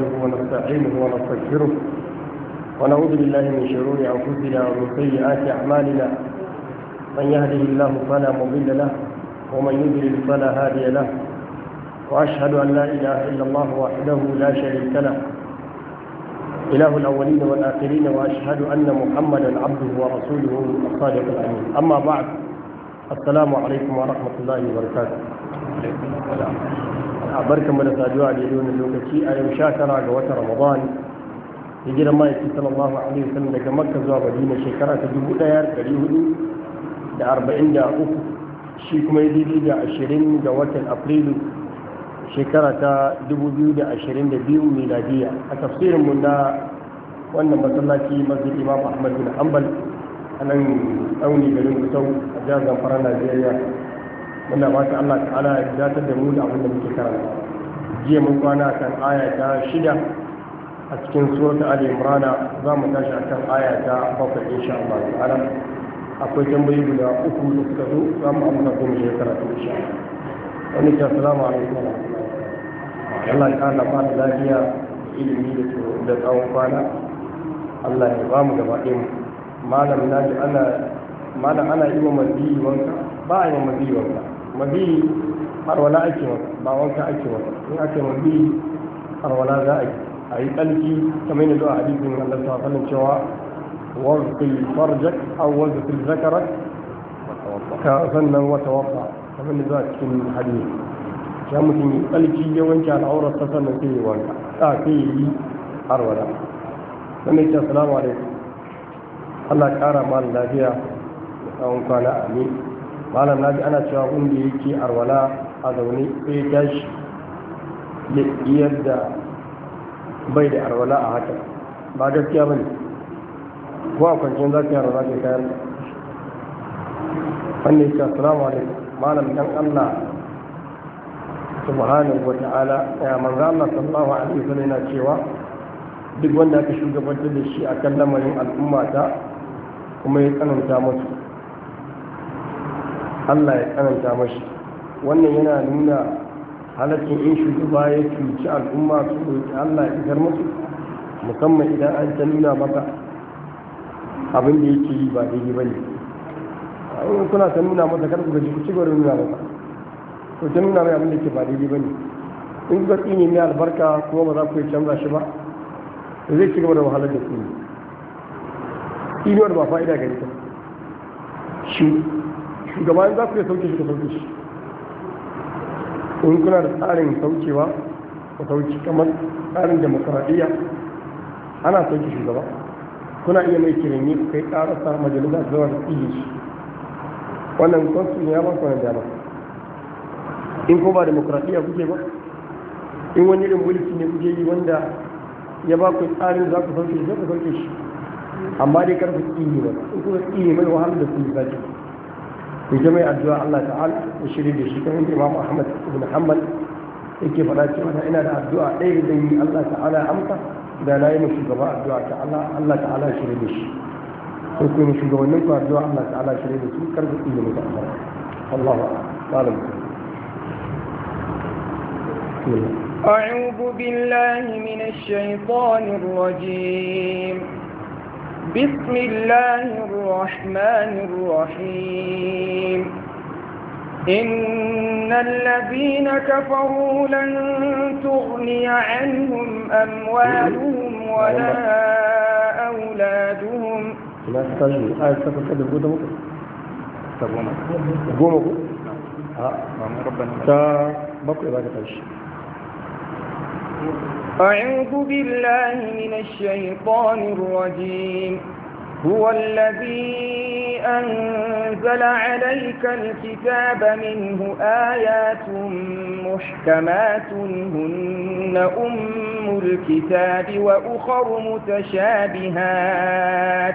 نحمده ونستعينه ونستغفره ونعوذ بالله من شرور أنفسنا ومن سيئات أعمالنا من يهده الله فلا مضل له ومن يضلل فلا هادي له وأشهد أن لا إله إلا الله وحده لا شريك له إله الأولين والآخرين وأشهد أن محمدا عبده ورسوله الصادق الأمين أما بعد السلام عليكم ورحمة الله وبركاته jama'a barkanmu da saduwa da yau lokaci a yau sha tara ga wata ramadan ya hijiran ma'aiki sallallahu alaihi wasallam daga makka zuwa madina shekara ta dubu ɗaya da ɗari hudu da arba'in da uku shi kuma ya daidai da ashirin ga watan afrilu shekara ta dubu biyu da ashirin da biyu miladiya a tafsirin mu na wannan masallaci masjid imam ahmad bin hanbal a nan tsauni garin kusau a jihar zamfara najeriya muna ba ta Allah ta'ala ya datar da mu da abin da muke karanta jiya mun kwana kan aya ta shida a cikin surata ali imrana za mu tashi akan aya ta bakwai insha Allah ta'ala akwai tambayi guda uku da suka zo za mu amsa ko mu je karatu insha Allah wani ta salamu alaikum wa rahmatullahi Allah ya kara ba lafiya ilimi da tsawon kwana Allah ya ba mu gaba ɗaya malam na ji ana malam ana yi wa manziyi wanka ba a yi wa manziyi wanka mabi arwala ake wa ba wanka ake wa in ake mabi arwala za a yi a yi tsarki kamar yadda a hadisin Allah ta fallin cewa wazqil farjak aw wazqil zakarak ka sannan wata wafa kamar yadda a cikin hadisi ya mutum yi tsarki ya wanke al'aurar ta sannan sai yi wanka a sai yi arwala sannan ya ce assalamu alaikum Allah ƙara ma lafiya da tsawon kwana amin malam na naji ana cewa wanda yake arwala a zaune sai tashi da yadda bai da arwala a haka ba gaskiya ba ne ko a kwanciyar za ka yi arwala ke kayan wannan ce assalamu alaikum malam dan allah subhanahu wa ta'ala ya manzo allah sallallahu alaihi wasallam yana cewa duk wanda aka shugabantar da shi akan lamarin al'ummata kuma ya tsananta musu Allah ya karanta mashi wannan yana nuna halakin in shugaba ya cuci al'umma su roƙi Allah ya isar musu musamman idan an ta nuna maka abin da yake yi ba daidai ba ne in kuna ta nuna masa kar ku gaji ku ci gaba nuna masa ko ta nuna mai abin da ke ba daidai ba ne in kuka ne mai albarka kuma ba za ku yi canza shi ba zai ci gaba da wahalar da ku ne inuwar ba fa'ida gari ta shi shugaba za ku yi sauke shi ka sauke shi in kuna da tsarin saukewa ku sauke kamar tsarin demokaradiyya ana sauke shugaba kuna iya mai kiranye ku kai karasa majalisa zuwa zama da tsiye shi wannan ne ya ba ku dama in ko ba demokaradiyya kuke ba in wani irin mulki ne kuke yi wanda ya ba ku tsarin za ku sauke shi za ku sauke shi amma dai karfi tsiye ba in kuma tsiye mai wahalar da ku yi sake في جميع الدعاء الله تعالى وشريد الشيخ انت امام احمد بن محمد انت فلاتي وانا انا الدعاء اي بني الله تعالى امتى اذا لا يمشي دعاء الدعاء تعالى الله تعالى شريد الشيخ ويكون يمشي دعاء منك الدعاء الله تعالى شريد الشيخ كرد الله اعلم بسم الله أعوذ بالله من الشيطان الرجيم بسم الله الرحمن الرحيم إن الذين كفروا لن تغني عنهم أموالهم ولا أولادهم لا تستجيب آية تستجيب قد مكتب تبونا قوموا ها ربنا تا بقوا إبادة الشيء أعوذ بالله من الشيطان الرجيم هو الذي أنزل عليك الكتاب منه آيات محكمات هن أم الكتاب وأخر متشابهات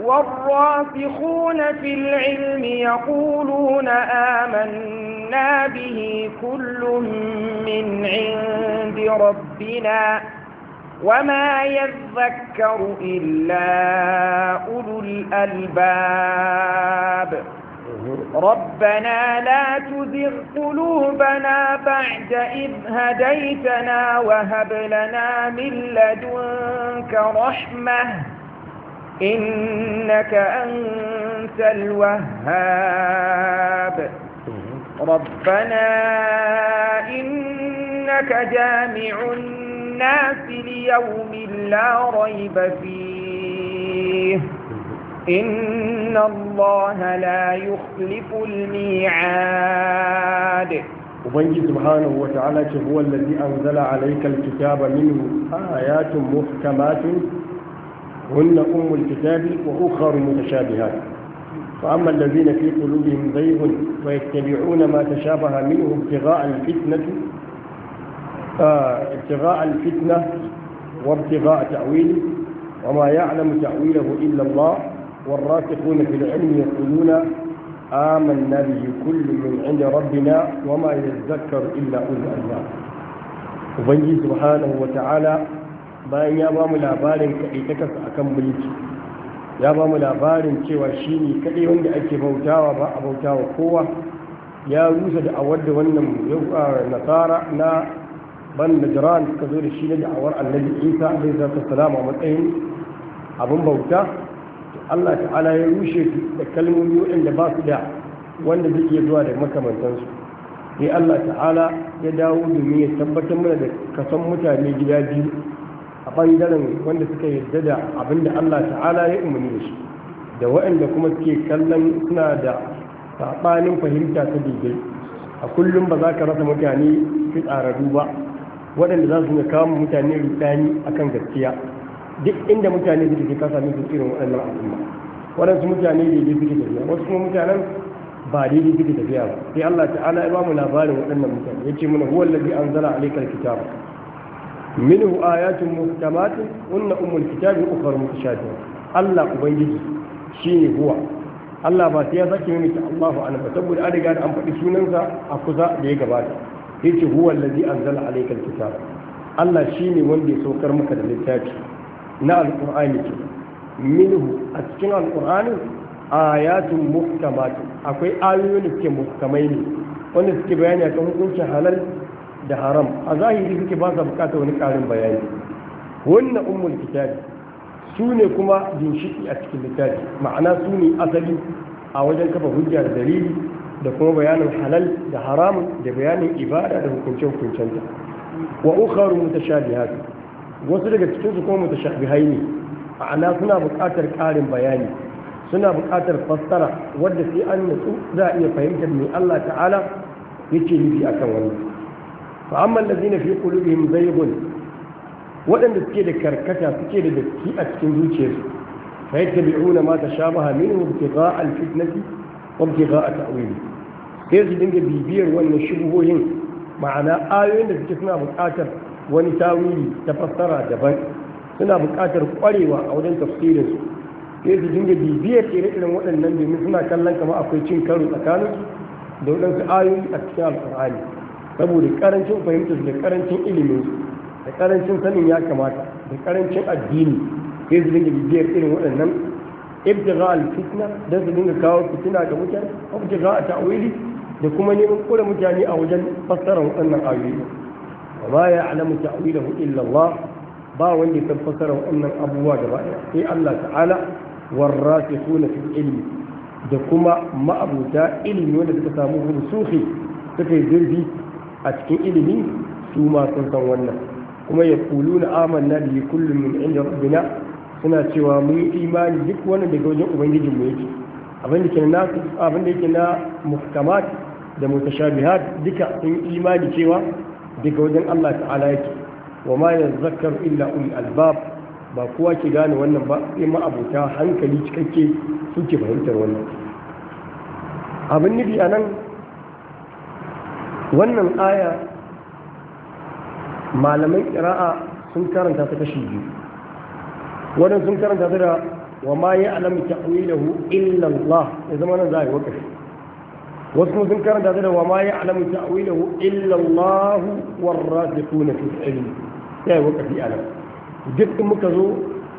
والراسخون في العلم يقولون آمنا به كل من عند ربنا وما يذكر إلا أولو الألباب ربنا لا تزغ قلوبنا بعد إذ هديتنا وهب لنا من لدنك رحمة إنك أنت الوهاب ربنا إنك جامع الناس ليوم لا ريب فيه إن الله لا يخلف الميعاد وبنجي سبحانه وتعالى هو الذي أنزل عليك الكتاب منه آيات محكمات هن أم الكتاب وأخر متشابهات فأما الذين في قلوبهم زيغ ويتبعون ما تشابه منه ابتغاء الفتنة آه، ابتغاء الفتنة وابتغاء تأويله وما يعلم تأويله إلا الله والراسخون في العلم يقولون آمنا به كل من عند ربنا وما يذكر إلا أولو الألباب وبنجي سبحانه وتعالى bayan ya ba mu labarin kaɗai ta a kan mulki ya ba mu labarin cewa shi ne kaɗai wanda ake bautawa ba a bautawa kowa ya rusa da awar da wannan nasara na ban jiran suka zo da shi na da'awar annabi isa zai ta salama matsayin abin bauta allah ta'ala ya rushe da kalmomi waɗanda ba su da wanda zai iya zuwa da makamantansu sai allah ta'ala ya dawo domin ya tabbatar mana da kasan mutane gida biyu a ɓangaren wanda suka yarda da abin da Allah ta'ala ya umarni da shi da waɗanda kuma suke kallon suna da saɓanin fahimta ta daidai a kullum ba za ka rasa mutane su tsararru ba waɗanda za su ne kawo mutane rudani kan gaskiya duk inda mutane suke ka sami su irin waɗannan abin ba, waɗansu mutane daidai suke tafiya wasu kuma mutanen ba daidai suke tafiya ba sai Allah ta'ala ya ba mu labarin waɗannan mutane ya ce mana huwa allazi anzala alaykal kitabu. minhu ayatun muhkamatun unna ummul kitabi ukhra mutashabihat Allah ubangiji shine huwa Allah ba sai ya sake mai ta Allahu an fa saboda an riga an faɗi sunansa a kusa da ya gabata yace huwa allazi anzala alayka alkitaba Allah shine wanda ya saukar maka da littafi na alqur'ani ke minhu a cikin alqur'ani ayatun muhkamatun akwai ayoyi da ne wanda suke bayani a akan hukuncin halal da haram a zahiri suke ba sa bukata wani karin bayani wannan ummul kitabi su ne kuma ginshiki a cikin littafi ma'ana su ne asali a wajen kafa hujja da dalili da kuma bayanin halal da haram da bayanin ibada da hukuncen hukuncenta wa ukharu mutashabihat wasu daga cikin su kuma mutashabihai ne ma'ana suna buƙatar ƙarin bayani suna buƙatar fassara wadda sai an nutsu za a iya fahimtar me Allah ta'ala yake nufi akan wannan fa amma allazina fi qulubihim zaygun waɗanda suke da karkata suke da datti a cikin zuciyarsu fa yattabi'una ma tashabaha a ibtigha'a al-fitnati wa ibtigha'a ta'wili sai su dinga bibiyar wannan shubuhoyin ma'ana ayoyin da suke suna buƙatar wani tawili ta fassara daban suna buƙatar ƙwarewa a wajen tafsirinsu sai su dinga bibiyar ire-iren waɗannan domin suna kallon kama akwai cin karo tsakaninsu da waɗansu ayoyi a cikin alƙur'ani saboda karancin fahimtar da karancin ilimin da karancin sanin ya kamata da karancin addini sai su dinga bibiyar irin waɗannan ibtiga al-fitna da su dinga kawo fitina ga mutane ibtiga a ta'wili da kuma neman kula mutane a wajen fassara waɗannan ayoyi wa ma ya'lamu ta'wilahu illa Allah ba wanda ya fassara waɗannan abubuwa gaba sai Allah ta'ala warrasikuna fil ilmi da kuma ma'abuta ilimi wanda suka samu rusuhi suka yi zurfi a cikin ilimi su ma sun san wannan kuma ya kulu na na da kullum min inda rabbina suna cewa mun yi imani duk wani daga wajen ubangijin mu yake abin da ke na abin da yake na muhkamat mutashabihat duka sun imani cewa daga wajen Allah ta'ala yake wa ma yazakkar illa ul albab ba kowa ke gane wannan ba sai ma abuta hankali cikakke suke fahimtar wannan abin nufi a nan wannan aya malamai ƙira'a sun karanta ta kashi biyu wannan sun karanta ta da wa ma ya alamu ta'wilahu illa Allah ya zama nan za a yi wakafi wasu sun karanta ta da wa ma ya alamu ta'wilahu illa Allah war rasikuna fil ilmi ya yi wakafi alam duk muka zo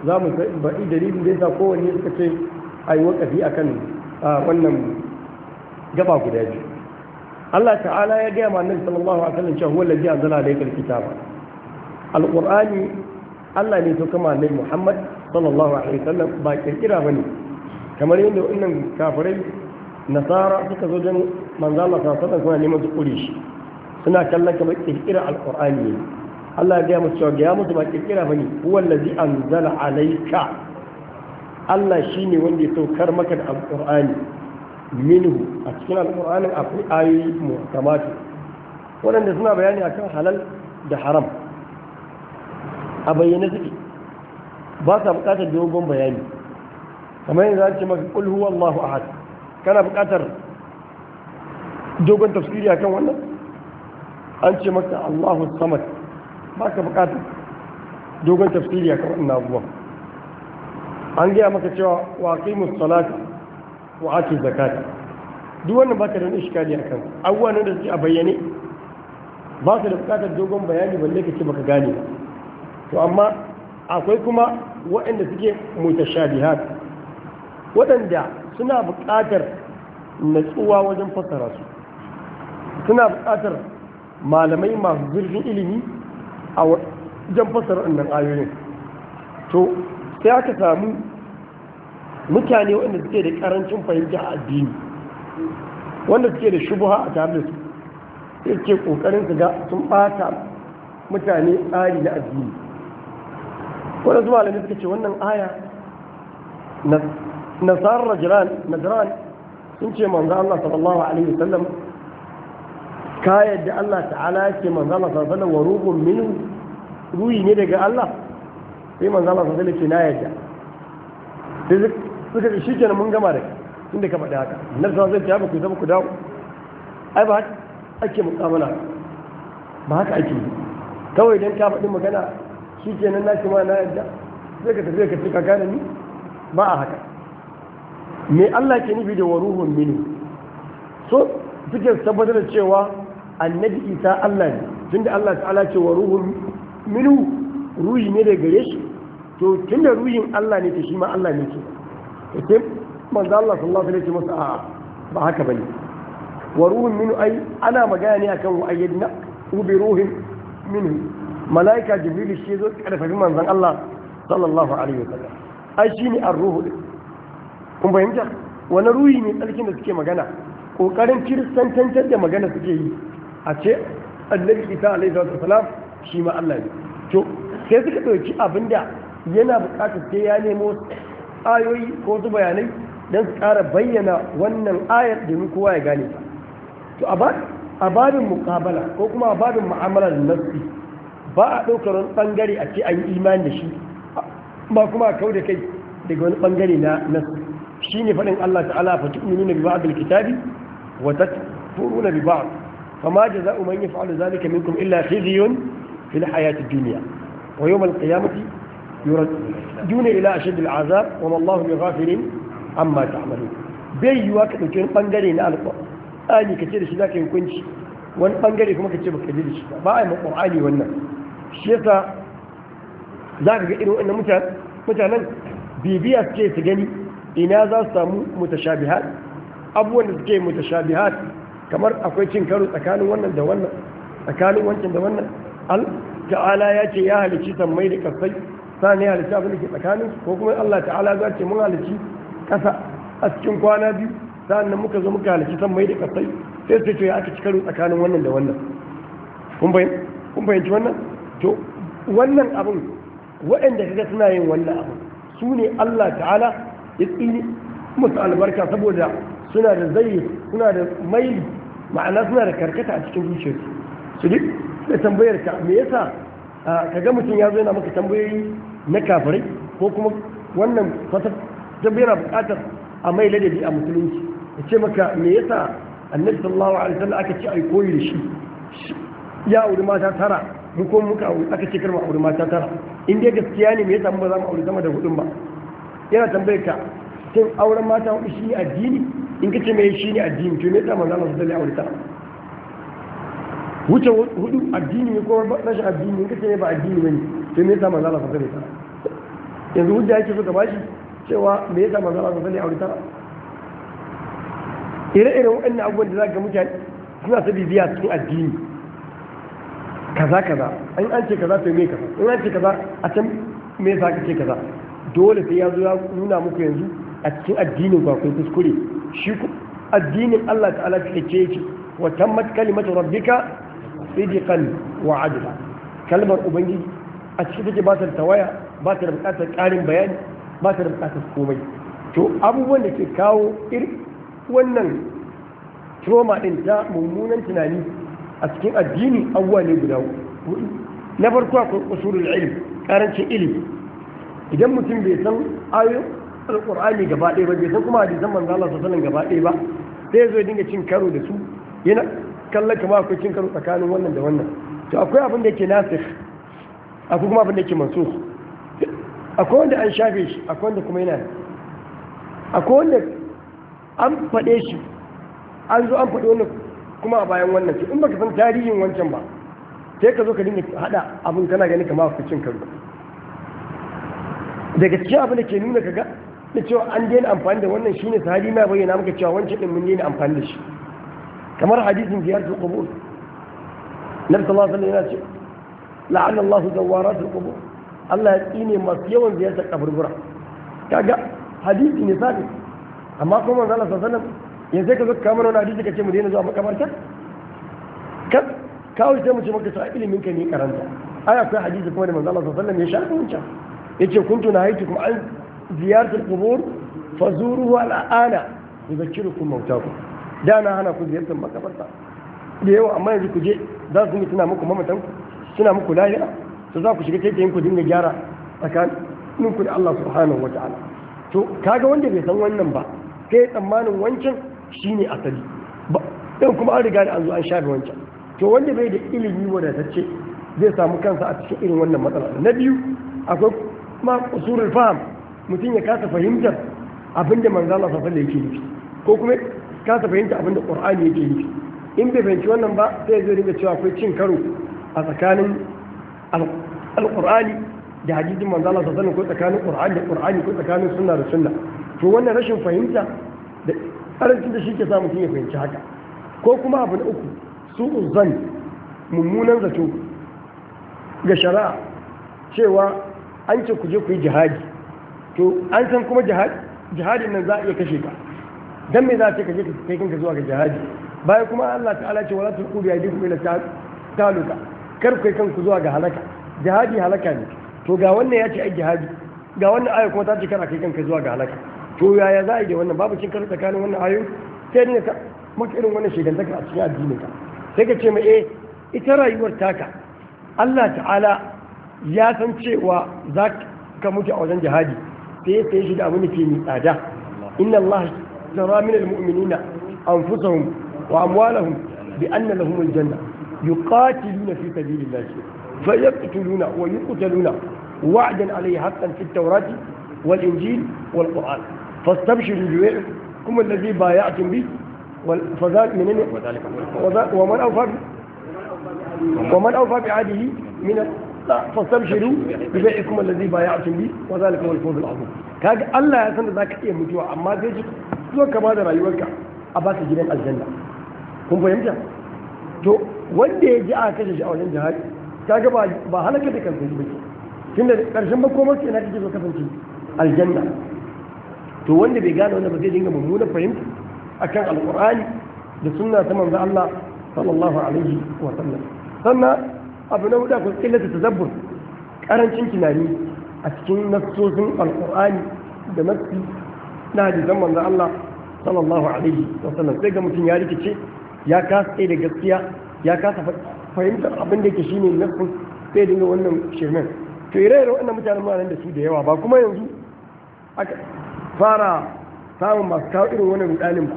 za mu baɗi dalilin da yasa kowanne suka ce a yi a kan wannan gaba guda biyu Allah ta'ala ya gaya ma annabi sallallahu alaihi wasallam cewa huwal ladzi anzala alayka alkitaba alqur'ani Allah ne to kama annabi Muhammad sallallahu alaihi wasallam ba kirkira bane kamar yadda wannan kafirai nasara suka zo don manzo Allah sallallahu alaihi wasallam suna neman su kure shi suna kallon kamar kirkira alqur'ani ne Allah ya gaya musu cewa gaya musu ba kirkira bane huwal ladzi anzala alayka Allah shine wanda ya saukar maka da alqur'ani minhu a cikin alƙur'anin akwai ayoyi kamata waɗanda suna bayani akan halal da haram a bayyane suke ba sa buƙatar dogon bayani kamar yanzu an ce maka qul huwallahu ahad kana buƙatar dogon tafsiri akan wannan an ce maka Allahu samad ba ka buƙatar dogon tafsiri akan wannan abubuwan an gaya maka cewa wa aqimus salata wa ake zakata duk wannan ba ta da wani a kan nan da suke a bayyane ba su da bukatar dogon bayani balle ka ce baka gane ba to amma akwai kuma waɗanda suke mutashabihat waɗanda suna bukatar natsuwa wajen fassara su suna bukatar malamai masu zurfin ilimi a wajen fassara wannan ayoyin to sai aka samu mutane wanda suke da karancin fahimta a addini wanda suke da shubuha a tare da su yake suke kokarin su ga sun bata mutane tsari na addini wanda zuwa lalata suka ce wannan aya nasarar jiran sun ce manzo Allah sallallahu alaihi wasallam ka yadda Allah ta'ala ce manzo Allah sallallahu alaihi wasallam wa ruhun ruhi ne daga Allah sai manzo Allah sallallahu alaihi wasallam ke na yadda suka ga shikenan mun gama da inda ka faɗi haka nan zuwa zai tafi ku zama ku dawo ai ba haka ake mukamala ba haka ake yi kawai don ka faɗi magana shikenan na shi ma na yadda sai ka tafi ka ce ka gane ni ba a haka me Allah ke nufi da waruhun mini so suke tabbatar da cewa annabi isa Allah ne tunda Allah ta'ala ce waruhun minu ruhi ne da gare shi to tunda ruhin Allah ne ta shi ma Allah ne ke ikin manzo Allah sallallahu alaihi wasallam a ba haka bane wa ruhun minu ai ana magana ne akan wa ayyadna ubi ruhin minu malaika jibril shi zo karfafi manzan Allah sallallahu alaihi wasallam ai shine ar-ruhu kun bayyana wani ruhi ne tsarkin da suke magana kokarin kiristantantar da magana suke yi a ce annabi isa alaihi wasallam shi ma Allah ne to sai suka dauki abinda yana bukatar sai ya nemo ayoyi ko wasu bayanai don su ƙara bayyana wannan ayar domin kowa ya gane ta to a babin muƙabala ko kuma a babin mu'amala da nassi ba a ɗaukar wani ɓangare a ce an yi imani da shi ba kuma a kau da kai daga wani ɓangare na nassi shi ne faɗin Allah ta'ala fa tu'minu na biba'a bil kitabi wa tatfuru na biba'a fama jaza'u man yaf'alu zalika minkum illa khizyun fil hayati dunya wa yawm al qiyamati yurjuna ila ashad al'azab wa wallahu bighafirin amma ta'malun bai yiwa ka dauke wani bangare na alqur'ani kace wani bangare kuma kace baka ji da shi ba a yi alqur'ani wannan shi yasa zaka ga irin wannan mutanen bibiya suke gani ina za su samu da suke mutashabihat kamar akwai cin karo tsakanin wannan da wannan tsakanin wancan da wannan al ta'ala ya ce ya halicci sammai da kasai sani ya halitta da ke tsakanin ko kuma Allah ta'ala za ce mun halici kasa a cikin kwana biyu sa'an nan muka zo muka halici san mai da kasai sai sai ce ya aka cikaru tsakanin wannan da wannan kun fahimci wannan to wannan abin waɗanda kaga suna yin wannan abin su ne Allah ta'ala ya tsini musu albarka saboda suna da zai suna da maili ma'ana suna da karkata a cikin zuciyarsu su duk da tambayar ka me yasa Ka ga mutum ya zo yana maka tambayoyi na kafirai ko kuma wannan wata tabbira bukatar a mai ladabi a musulunci ya ce maka me yasa annabi sallallahu alaihi wasallam aka ce ai koyi da shi ya auri mata tara mu ko muka aka ce karma auri mata tara in dai gaskiya ne me yasa mu ba za mu auri sama da hudun ba yana tambayar ka sun auren mata hudu shi ne addini in ka ce me shi ne addini to me yasa manzo Allah sallallahu alaihi wasallam auri tara wuce hudu addini ne ko rashin addini in kace ba addini ne sai me yasa manzo Allah ne alaihi yanzu hujja yake so ka bashi cewa me yasa manzo Allah sai alaihi wasallam tara ire-iren waɗannan abubuwan da za ga mutane suna ta biya cikin addini kaza kaza an an ce kaza sai me kaza in an ce kaza a can me yasa kake kaza dole sai ya zo ya nuna muku yanzu a cikin addinin ku akwai kuskure shi addinin Allah ta'ala cikakke yake wa tammat kalimatu rabbika sidiqan wa adla kalmar ubangiji a cikin take ba ta da tawaya ba ta da bukatar karin bayani ba ta da bukatar komai to abubuwan da ke kawo irin wannan trauma din ta mummunan tunani a cikin addini abubuwa ne guda hudu na farko akwai usulul ilmi karancin ilimi idan mutum bai san ayoyin alqur'ani gaba ɗaya ba bai san kuma hadisan manzo Allah sallallahu alaihi wasallam gaba ɗaya ba sai ya dinga cin karo da su yana kalla kama akwai cin karo tsakanin wannan da wannan to akwai abin da yake nasir akwai kuma abin da yake mansur akwai wanda an shafe shi akwai wanda kuma yana akwai wanda an faɗe shi an zo an fade wannan kuma a bayan wannan ce in baka san tarihin wancan ba sai ka zo ka dinga haɗa abin kana gani kama akwai cin karo daga cikin abin da ke nuna kaga da cewa an daina amfani da wannan shine tarihi ma bayyana maka cewa wancan din mun daina amfani da shi كما رأى حديث من زيارة القبور نبت الله صلى الله عليه وسلم لعن الله دوارات القبور الله يديني مصيا وزيارة القبر برا كاقا حديث من ثابت أما قوم الله صلى الله عليه وسلم ينزيك ذلك كامل ونا حديثة كتير مدينة زوا مكة مارسة كاو كاو يسمى شمك سائل منك نيك رنجا آية في حديث كمان من صلى الله عليه وسلم يشارك منك يتشو كنت نهايتكم عن زيارة القبور فزوروه الآن يذكركم موتاكم da na hana ku ziyartar makabarta da yawa amma yanzu ku je za su tuna muku mamatan ku suna muku lahira to za ku shiga taitayin ku dinga gyara tsakanin ku da Allah subhanahu wa ta'ala to kaga wanda bai san wannan ba sai tsammanin wancan shine asali ba dan kuma an riga da an zo an shafe wancan to wanda bai da ilimi wadatacce zai samu kansa a cikin irin wannan matsala na biyu akwai kuma usulul faham mutum ya kasa fahimtar abinda manzo Allah sallallahu alaihi wasallam yake nufi ko kuma kasa fahimta abin da ya yake yi in bai fahimci wannan ba sai zai riga cewa akwai cin karo a tsakanin alƙur'ani da hadisin manzala ta sanin ko tsakanin ƙur'ani da ƙur'ani ko tsakanin suna da suna to wannan rashin fahimta da ƙarancin da shi ke sa mutum ya fahimci haka ko kuma abu na uku su zan mummunan zato ga shari'a cewa an ce ku je ku yi jihadi to an san kuma jihadin nan za a iya kashe ka dan me za ce ka je ka kai kanka zuwa ga jihadi baya kuma Allah ta'ala ce wala tulqu bi aydikum ila taluka kar ku kai kanku zuwa ga halaka jihadi halaka ne to ga wannan ya ce ai jihadi ga wannan ayo kuma ta ce kana kai kanka zuwa ga halaka to yaya za a yi da wannan babu cin karo tsakanin wannan ayo sai ne ka maka irin wannan shigantaka a cikin addinin ka sai ka ce ma eh ita rayuwar taka Allah ta'ala ya san cewa za ka mutu a wajen jihadi sai ya sai shi da abin da ke mai tsada inna Allah ترى من المؤمنين أنفسهم وأموالهم بأن لهم الجنة يقاتلون في سبيل الله فيقتلون ويقتلون وعدا عليه حقا في التوراة والإنجيل والقرآن فاستبشروا ببيعكم الذي بايعتم به فذلك من ومن أوفى ومن أوفى بعهده من فاستبشروا ببيعكم الذي بايعتم به وذلك هو الفوز العظيم كان الله يسند ذاك يا إيه مجوع أما زي so ka ba da rayuwarka a baka gidan aljanna kun fahimta to wanda ya ji a kashe sha'awar a wajen jihadi ta ga ba halaka da kansa ba ke tunda karshen makomar ina kake so kasance aljanna to wanda bai gane wanda ba zai dinga mummunan fahimta akan Alƙur'ani da sunna ta manzo Allah sallallahu alaihi wa sallam sannan abu na huda ku illata tazabbur karancin tunani a cikin nassosin Alƙur'ani da nassi na hadisan manzo Allah sallallahu alaihi wasallam sai ga mutum ya rikice ya kasa tsaye da gaskiya ya kasa fahimtar abin da yake shine nafsin sai dinga wannan shirmen to ire-ire wannan mutanen ma nan da su da yawa ba kuma yanzu aka fara samun masu kawo irin wannan rudanin ba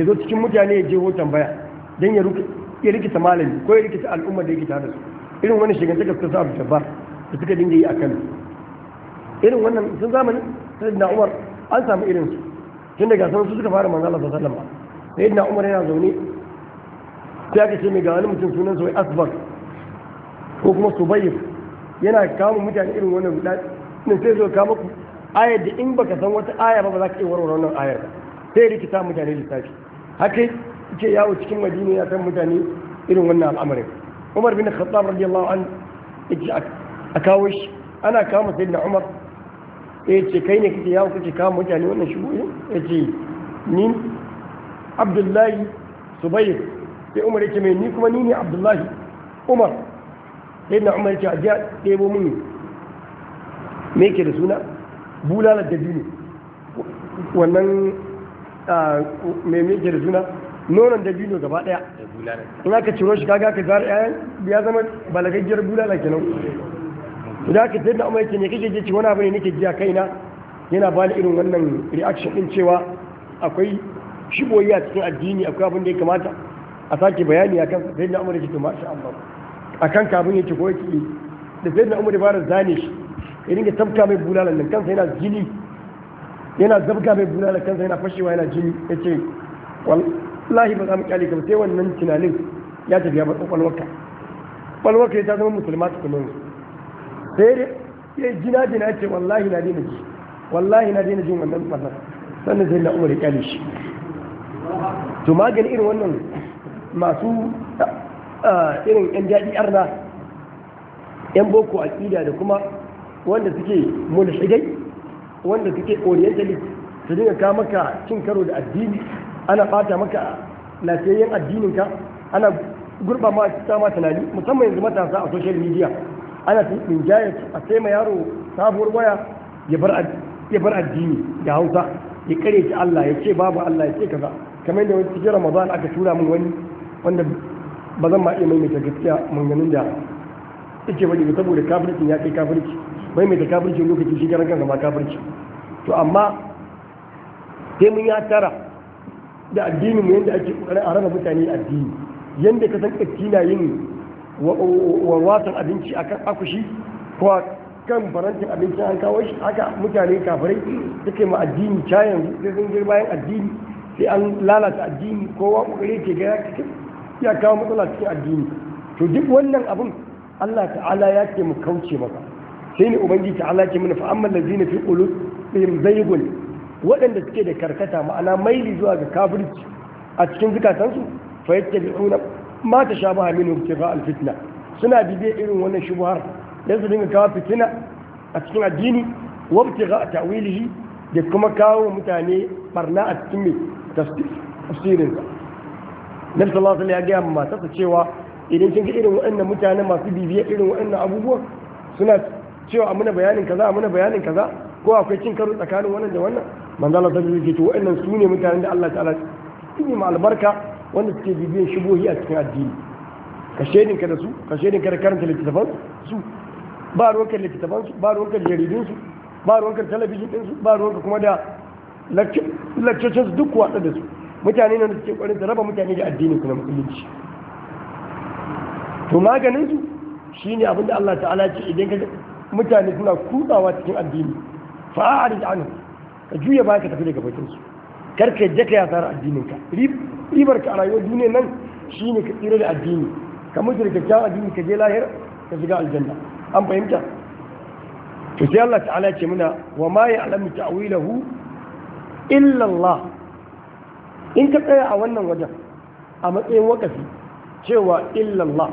ya zo cikin mutane ya je ho tambaya don ya rikita malami ko ya rikita al'umma da ya rikita da su irin wannan ta suka sa jabbar da suka dinga yi a irin wannan sun zamanin sai na umar an samu irinsu tun daga sun su suka fara manzo Allah sallallahu alaihi wasallam sai na Umar yana zaune sai yake ce mai ga wani mutum sunan sa wai Asbak ko kuma Subayr yana kama mutane irin wannan guda ne sai zo kama ku ayar da in baka san wata aya ba ba za ka iya warware wannan ayar sai rikita mutane lissafi haka yake yawo cikin madina ya san mutane irin wannan al'amarin Umar bin Khattab radiyallahu anhu yake a kawo shi ana kama sayyidina Umar ya ce kai ne kake yawon kake kama mutane wannan shigoyin ya ce ni abdullahi subayir ya umar ya ce mai ni kuma ni ne abdullahi umar sai na umar ya ce a jiya ɗebo mini me ke da suna bulalar da biyu wannan mai me ke da suna nonon da biyu gaba ɗaya in aka ciro shi kaga ka zara ya zama balagaggiyar bulala kenan to da ka sai da umar yake ne kake ji ci wani abu ne nake ji a kaina yana ba ni irin wannan reaction din cewa akwai shiboyi a cikin addini akwai abin da ya kamata a sake bayani a kan sai da umar yake to masha Allah a kan kafin yake ko yake da sai da umar ya fara zane shi ya dinga tabka mai bulalan nan kansa yana jini yana zabga mai bulalan kansa yana fashewa yana jini yace wallahi ba za mu kyale ka sai wannan tunanin ya tafi ya bar kwakwalwarka kwakwalwarka ya ta zama musulma tukunan sai dai ya jina jina ce wallahi na daina ji wallahi na daina jin wannan barnar sannan zai na umar ya kyale shi to magani irin wannan masu irin yan daɗi arna yan boko a tsida da kuma wanda suke mulhidai wanda suke orientalist su dinga ka maka cin karo da addini ana fata maka lafiyayyen addininka ana gurɓa ma tunani musamman yanzu matasa a social media ana tinjayar a sai ma yaro sabuwar waya ya bar addini da hausa ya kare ki Allah ya ce babu Allah ya ce kaza kamar da wani cikin ramadan aka tura min wani wanda ba zan ma iya maimaita gaskiya ganin da yake wani ba saboda kafirci ya kai kafirci maimaita kafirci lokacin shi karan kansa ma kafirci to amma sai mun ya tara da addini mu yadda ake kokarin a raba mutane addini yadda ka san na yin warwatar abinci a kakushi ko kan farantin abincin an kawo shi haka mutane kafirai suke ma addini cayan zai sun girma yin addini sai an lalata addini kowa kokari ke gaya ga ya kawo matsala cikin addini to duk wannan abin Allah ta'ala ya ce mu kauce maka sai ne ubangiji ta'ala ke mana fa amma lazina fi qulubihim zaygun waɗanda suke da karkata ma'ana maili zuwa ga kafirci a cikin zukatansu fa yattabi'una ma ta sha ba minu ibtiga alfitna suna bibiya irin wannan shubuhar dan su dinga kawo fitina a cikin addini wa ibtiga ta'wilihi da kuma kawo mutane barna a cikin mai tafsirin sa nabi sallallahu alaihi ya gaya mata ta cewa idan kin ga irin waɗannan mutane masu bibiya irin waɗannan abubuwa suna cewa a muna bayanin kaza a muna bayanin kaza ko akwai cin karo tsakanin wannan da wannan manzo ta sallallahu alaihi wasallam ya ce to waɗannan su ne mutanen da Allah ta'ala ne ma albarka wanda suke bibiyan shubuhi a cikin addini ka shedinka da su ka shedinka da karanta littattafan su ba ruwanka littattafan su ba ruwanka jaridun su ba ruwanka talabijin din su ba ruwanka kuma da lakcocin su duk watsa da su mutane ne da suke kwarin su raba mutane da addinin su na musulunci to maganin su shine abin da Allah ta'ala ce idan ka mutane suna kutsawa cikin addini fa'arid anhu ka juya baka ka tafi daga bakin su karka yadda ka addinin addininka ribar ka a rayuwar duniya nan ne ka tsira da addini ka mutu da kyakkyawan addini ka je lahira ka shiga aljanna an fahimta to sai Allah ta'ala ce muna wa ma ya'lamu ta'wilahu illa Allah in ka tsaya a wannan wajen a matsayin wakafi cewa illa Allah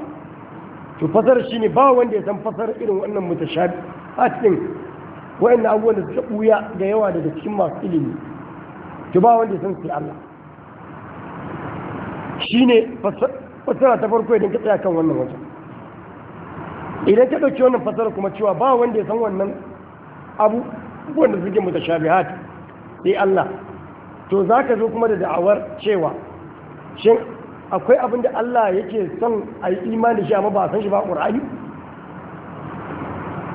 to fasar shine ba wanda ya san fasar irin wannan mutashabi a cikin wa'annan abubuwan da suka buya da yawa daga cikin masu ilimi to ba wanda san sai Allah Shi ne fasara ta farko idan ka tsaya kan wannan wajen idan ka ɗauki wannan fasara kuma cewa ba wanda ya san wannan abu wanda suke mutashabihat sai Allah to za ka zo kuma da da'awar cewa shin akwai abin da Allah yake son a yi imani shi amma ba a san shi ba ƙur'ani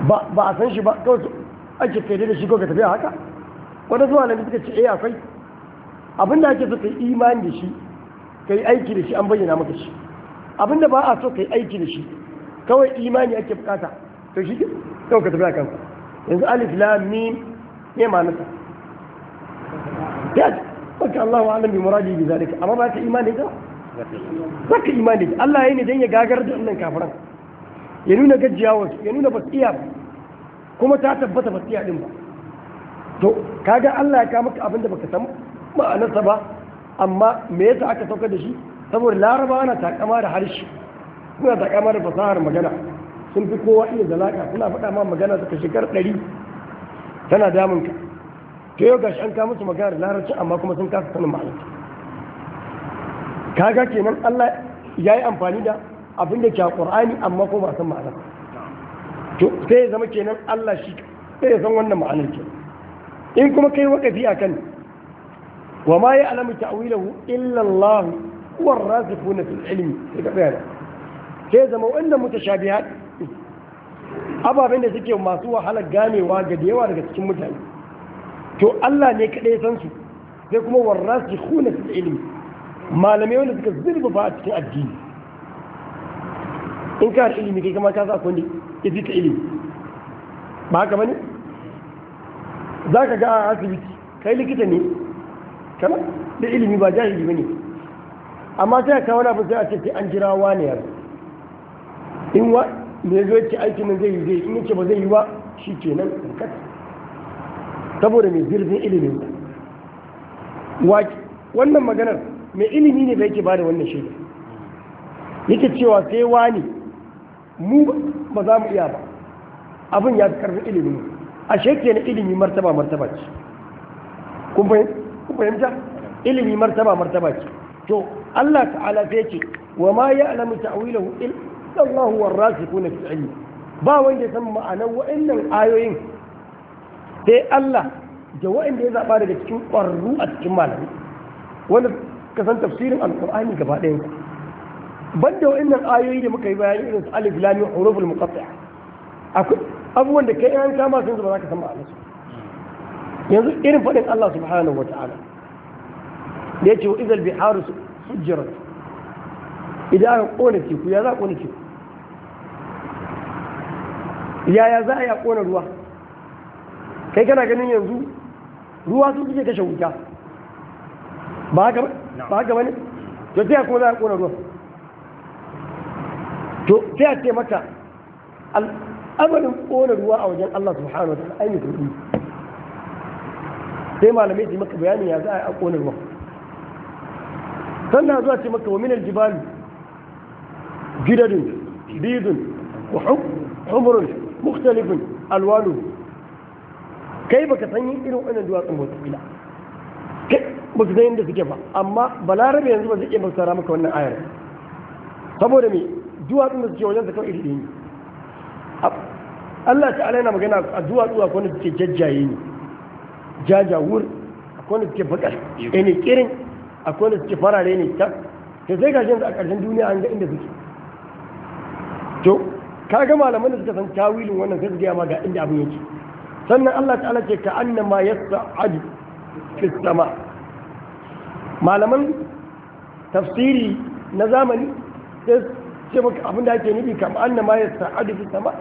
ba a san shi ba kawai ake kai da shi ko ka tafiya haka wanda zuwa na suka ce eh akwai abin da ake so ka yi imani da shi ka yi aiki da shi an bayyana maka shi abin da ba a so ka yi aiki da shi kawai imani ake bukata to shi ke to ka tafi kanka yanzu alif lam mim me ma'ana ta ya baka Allahu a'lam bi muradi bi zalika amma ba ka imani da ba? ka imani da Allah yayin dan ya gagar da wannan kafiran ya nuna gajiyawar ya nuna basiya kuma ta tabbata basiya din ba to kaga Allah ya ka maka abinda baka san ma'anarsa ba amma me yasa aka saukar da shi saboda laraba ana takama da harshe suna takama da fasahar magana sun fi kowa iya zalaka suna faɗa ma magana suka shekar ɗari tana damun ka Ta yau gashi an kawo musu magana da larabci amma kuma sun kasa sanin ma'anar kaga kenan Allah ya yi amfani da abin da ke a ƙur'ani amma ko ba san ma'anar sai ya zama kenan Allah shi sai ya san wannan ma'anar ke in kuma kai wakafi a kan wa ma ya alamu ta'wilahu illa Allah huwa ar-raziquna fil ilmi daga bayana sai zama wannan mutashabihat ababen da suke masu wahalar ganewa ga da yawa daga cikin mutane to Allah ne kaɗai san su sai kuma warra su kuna su ilimi malamai wanda suka zurfafa a cikin addini in ka da ilimi kai kama ka sa kwani ya ilimi ba haka bane za ka ga a asibiti kai likita ne kana da ilimi ba jahili ne, amma sai yaka wani abu sai a ce an jira wani yanzu in wa me zo ce aikin nan zai yi zai in yace ba zai yi ba shi kenan kat saboda mai zirgin ilimin wannan maganar mai ilimi ne da yake bada wannan shaida yake cewa sai wani mu ba za mu iya ba abin ya fi karfin ilimi a shekke ilimi martaba martaba ce kun fahimta ku fahimta ilimi martaba martaba ce to Allah ta'ala sai ce wa ma ya'lamu ta'wilahu illa Allah war rasikuna fi ilmi ba wanda ya san ma'anar wa'annan ayoyin sai Allah da wa'anda ya zaba daga cikin ƙwararru a cikin malami wanda ka san tafsirin alqur'ani gaba ɗayan ku banda wa'annan ayoyi da muka yi bayani irin su alif lam mim huruful muqattaa akwai abubuwan da kai an kama sun zuba zaka ka san ma'anar su yanzu irin faɗin Allah subhanahu wa ta'ala da ya ce wa izal su jira idan aka ƙona teku ya za a ƙona teku yaya za a yi a ƙona ruwa kai kana ganin yanzu ruwa sun fi suke kashe wuta ba haka wani to sai kuma za a ƙona ruwa to sai a mata, al'amarin ƙona ruwa a wajen Allah subhanahu wa ta'ala ainihin sai malamai ji maka bayani ya za a yi a ƙone ruwan sannan zuwa ce maka wa minal jibali gidadin bidun ku hukumurin mukhtalifin alwalu kai baka san yin irin wannan duwatsun wata fila ba su yadda suke ba amma balarabe yanzu ba zai iya maka wannan ayar saboda me duwatsun da suke wajen zakar iri ne Allah ta alaina magana a zuwa a kwanan suke jajjaye ne jajawur akwai wanda suke bakar ne eh, kirin akwai wanda suke farare ne ta sai sai gashin yanzu a ƙarshen duniya an ga inda suke to kaga malaman da suka san tawilin wannan sai su gaya ma ga inda abin yake sannan Allah ta'ala ce ka annama yasta'adu fi sama malaman tafsiri na zamani sai ce maka abin da ake nufi kam annama yasta'adu fi sama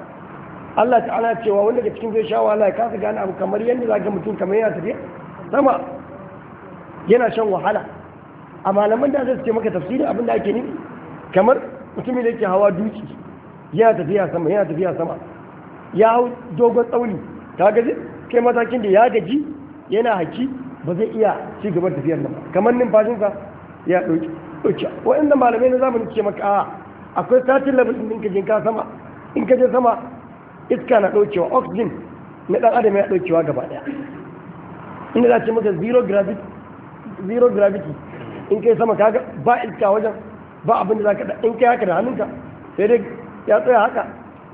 Allah ta'ala cewa wanda ke cikin zai sha wahala ya kasa gane abu kamar yadda za ka mutum kamar yana tafiya sama yana shan wahala a malaman da zai ce maka tafsirin abin da ake nufi kamar mutumin da yake hawa duki yana tafiya sama yana tafiya sama ya hau dogon tsauni ta gaji kai matakin da ya gaji yana haki ba zai iya ci gaban tafiyar nan Kamar kamar numfashinsa ya ɗauki ɗauki da malamai na zamani ce maka akwai satin labarin in ka sama in ka je sama iska na ɗaukewa oxygen na ɗan adam ya ɗaukewa gaba ɗaya inda za ce maka zero gravity in kai sama kaga ba iska wajen ba abin da za ka in kai haka da hannunka sai dai ya tsaya haka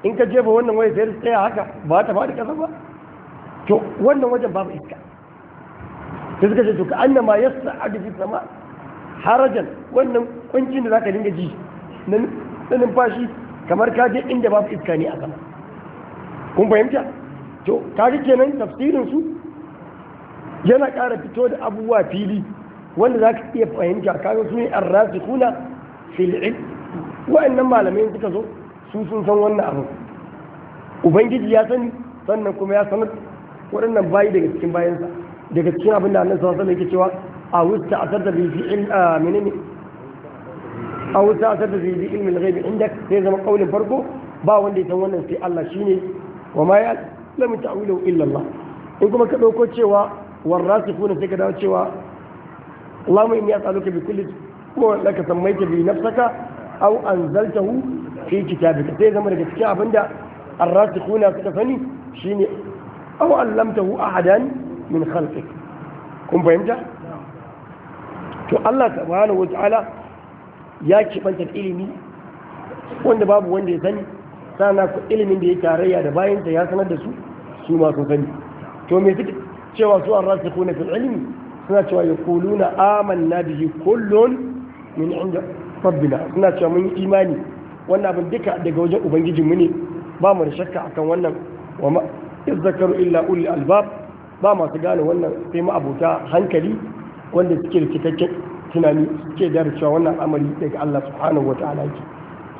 in ka jefa wannan waje sai dai tsaya haka ba ta faɗi ƙasa ba to wannan wajen babu iska sai suka ce to ka annama yassa adifi sama harajan wannan kuncin da za ka dinga ji na numfashi kamar ka je inda babu iska ne a sama kun fahimta to kaga kenan tafsirin su yana ƙara fito da abubuwa fili wanda za ka iya fahimta kaga su ne arrasikuna fil ilm wa'annan malamai suka zo su sun san wannan abu ubangiji ya sani sannan kuma ya sanar waɗannan bayi daga cikin bayansa daga cikin abin da annabi sallallahu alaihi cewa a wusta asar da bi ilm ah, menene a wusta asar da bi ilmi al-ghaib indak sai zama kaulin farko ba wanda ya san wannan sai Allah shine wa ma ya lam ta'wilu illa Allah in kuma ka dauko cewa warasikuna sai ka dawo cewa Allahumma inni as'aluka bi kulli kuma laka sammaita bi nafsaka aw anzaltahu fi kitabika sai zama daga cikin abinda arrasikuna suka sani shine aw allamtahu ahadan min khalqik kun fahimta to Allah subhanahu wa ta'ala ya kibanta ilimi wanda babu wanda ya sani sana ku ilimin da ya tarayya da bayan ta ya sanar da su su ma sun sani to me suke cewa su an rasu kuna fil ilmi suna cewa ya kuluna amanna bihi kullun min inda rabbina suna cewa mun yi imani wannan abin duka daga wajen Ubangiji ne ba mu da shakka akan wannan wa ma izzakaru illa ulil albab ba masu gane wannan sai ma abota hankali wanda suke da cikakken tunani suke da cewa wannan amali daga Allah subhanahu wataala yake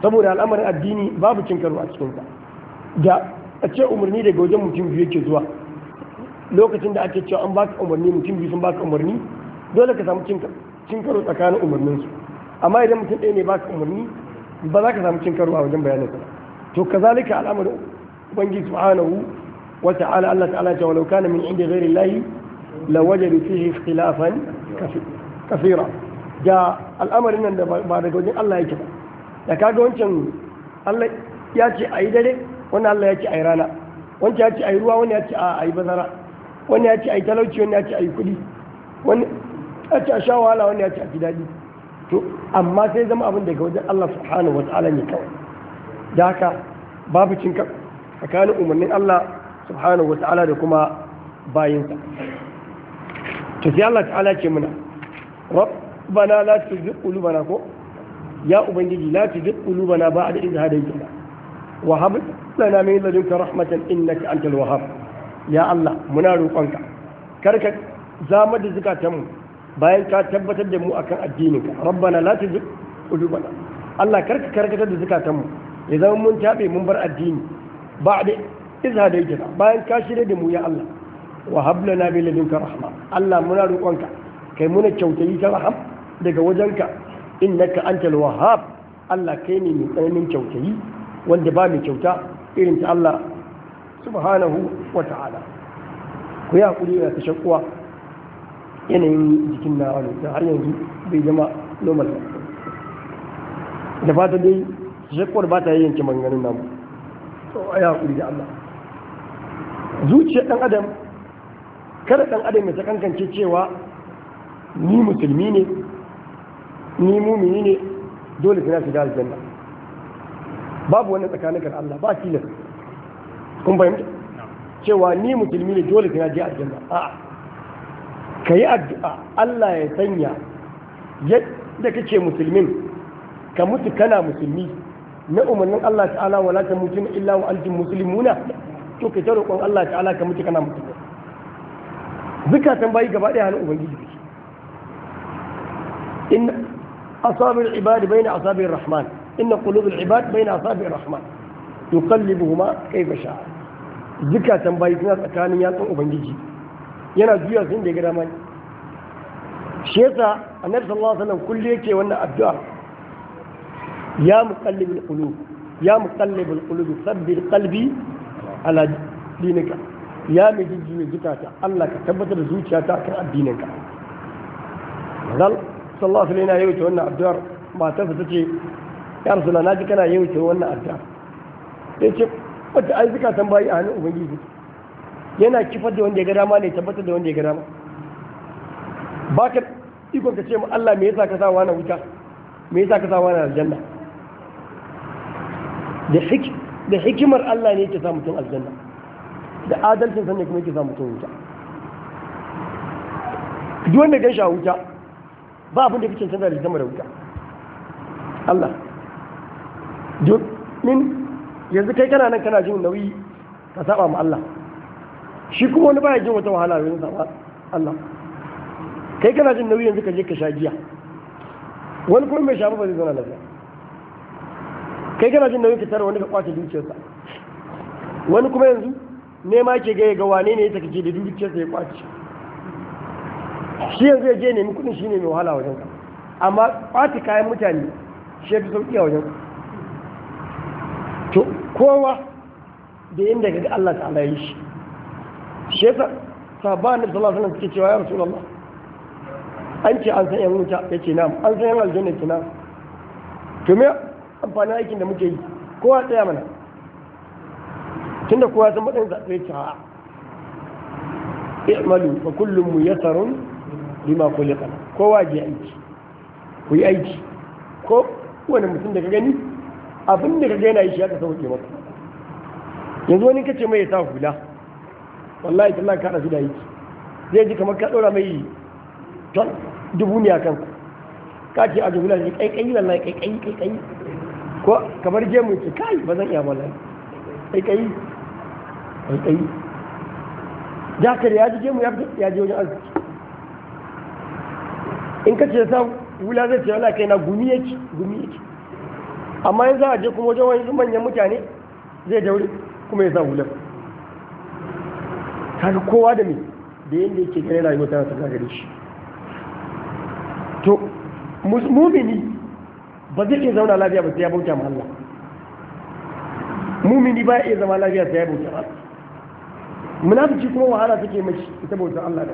saboda al'amarin addini babu cin karo a cikinsa da a ce umarni daga wajen mutum biyu yake zuwa lokacin da ake cewa an baka umarni mutum biyu sun baka umarni dole ka samu cin karo tsakanin umarninsu amma idan mutum ɗaya ne baka umarni ba za ka samu cin karo a wajen bayanin sa to kazalika al'amarin ubangiji subhanahu wa ta'ala Allah ta'ala ta walau kana min inda ghairi llahi lawajadu fihi ikhtilafan kathira da al'amarin nan da ba daga wajen Allah yake ba da kaga wancan Allah ya ce a yi dare wani Allah ya ce a yi rana wani ya ce a yi ruwa wani ya ce a yi bazara wani ya ce a yi talauci wani ya ce a yi kudi wani ya ce a sha wahala wani ya ce a gidaɗi to amma sai zama abin daga wajen Allah subhanahu wa ta'ala ne kawai da haka babu cin tsakanin umarnin Allah subhanahu wa ta'ala da kuma bayinsa to sai Allah ta'ala ce muna rabbana la tuzigh qulubana ko ya ubangiji la tuzigh qulubana ba'da idh hadaytana wa hab lana min ladunka rahmatan ka antal wahhab ya Allah muna roƙonka karka zama da zukatanmu bayan ka tabbatar da mu akan addininka rabbana la tuzigh qulubana Allah karka karkatar da zukatanmu ya zama mun tabe mun bar addini da ba'da idh hadaytana bayan ka shirya da mu ya Allah wa hab lana min ladunka rahma Allah muna roƙonka kai muna kyautayi ta raham daga wajenka innaka antal wahhab Allah kai ne mai tsananin kyautayi wanda ba mai kyauta irin ta Allah subhanahu wa ta'ala ku yi hakuri da ta shakuwa yanayin jikin na wani har yanzu bai zama normal da fata dai shakuwar ba ta yanke manganin namu to a yi hakuri da Allah zuciyar dan adam kada dan adam ya ta kankance cewa ni musulmi ne ni mumini ne dole sai na shiga aljanna babu wannan tsakanin kan Allah ba tilas kun fahimta cewa ni musulmi ne dole sai na je aljanna a'a yi addu'a Allah ya sanya yadda kake musulmin ka mutu kana musulmi na umarnin Allah ta'ala wala ta mutum illa wa aljin musulmuna to ka ta roƙon Allah ta'ala ka mutu kana musulmi zukatan bayi gaba ɗaya hannun ubangiji أصابع العباد بين أصابع الرحمن إن قلوب العباد بين أصابع الرحمن يقلبهما كيف شاء ذكى تنبايتنا تكاني يطعو بنجي ينا زيو سن دي قرامان شيطا النبي صلى الله عليه وسلم كل يكي وانا أبدع يا مقلب القلوب يا مقلب القلوب ثب القلب على دينك يا مجيجي زكاة الله كتبت رزوك يا تاكر دينك sallallahu alaihi wasallam yana wannan addu'ar matarsa ta ce ya rasula na ji kana yawaita wannan addu'ar sai ce wata ai zuka tambayi a hannun ubangiji yana kifar da wanda ya ga dama ne tabbatar da wanda ya ga dama ba ka ka ce ma Allah me yasa ka sa wani wuta me yasa ka sa wani aljanna da da hikimar Allah ne yake sa mutum aljanna da adalcin sa ne kuma yake sa mutum wuta duk wanda ga shi a wuta ba abin da kicin tana da gama da wuta Allah domin yanzu kai kana nan kana jin nauyi ka saba ma Allah shi kuma wani baya jin wata wahala yanzu saba Allah kai kana jin nauyi yanzu ka je ka sha giya wani kuma mai shafi ba zai zauna lafiya kai kana jin nauyin ka tara wani ka kwace dukiyarsa wani kuma yanzu nema ke ga ya ga wane ne ya sakace da dukiyarsa ya kwace shi yanzu ya je nemi kudin shi ne mai wahala wajen amma ɓata kayan mutane shi ya fi sauƙi a wajen to kowa da inda ga Allah ta ala yi shi shi ya sahabba annabi sallallahu alaihi suke cewa ya Allah an ce an san yan wuta ya ce nam an san yan aljanna ke nam to me amfani aikin da muke yi kowa tsaya mana tunda kowa san matsayin zaɓe ta i'malu ba kullum mu yasarun lima khuliqa kowa je aiki ku yi aiki ko wani mutum da ka gani abin da ka ga yana yi shi aka sauke maka yanzu wani kace mai ya sa hula wallahi tallahi ka rasu da aiki zai ji kamar ka dora mai ton dubu ne akan ka ce a jihula ne kai kai wallahi kai kai kai kai ko kamar je mu ce kai ba zan iya wallahi kai kai kai kai da ka ya ji je mu ya ji wajen arziki in ka ce sa wula zai ce wala kai na gumi yake gumi yake amma in za a je kuma wajen wani manyan mutane zai wuri kuma ya sa ta kaga kowa da mai da yadda yake gane rayuwa tana ta gare shi to mumini ba zai iya zauna lafiya ba sai ya bauta ma Allah mumini ba iya zama lafiya sai ya bauta Allah munafici kuma wahala take mashi ita bauta Allah da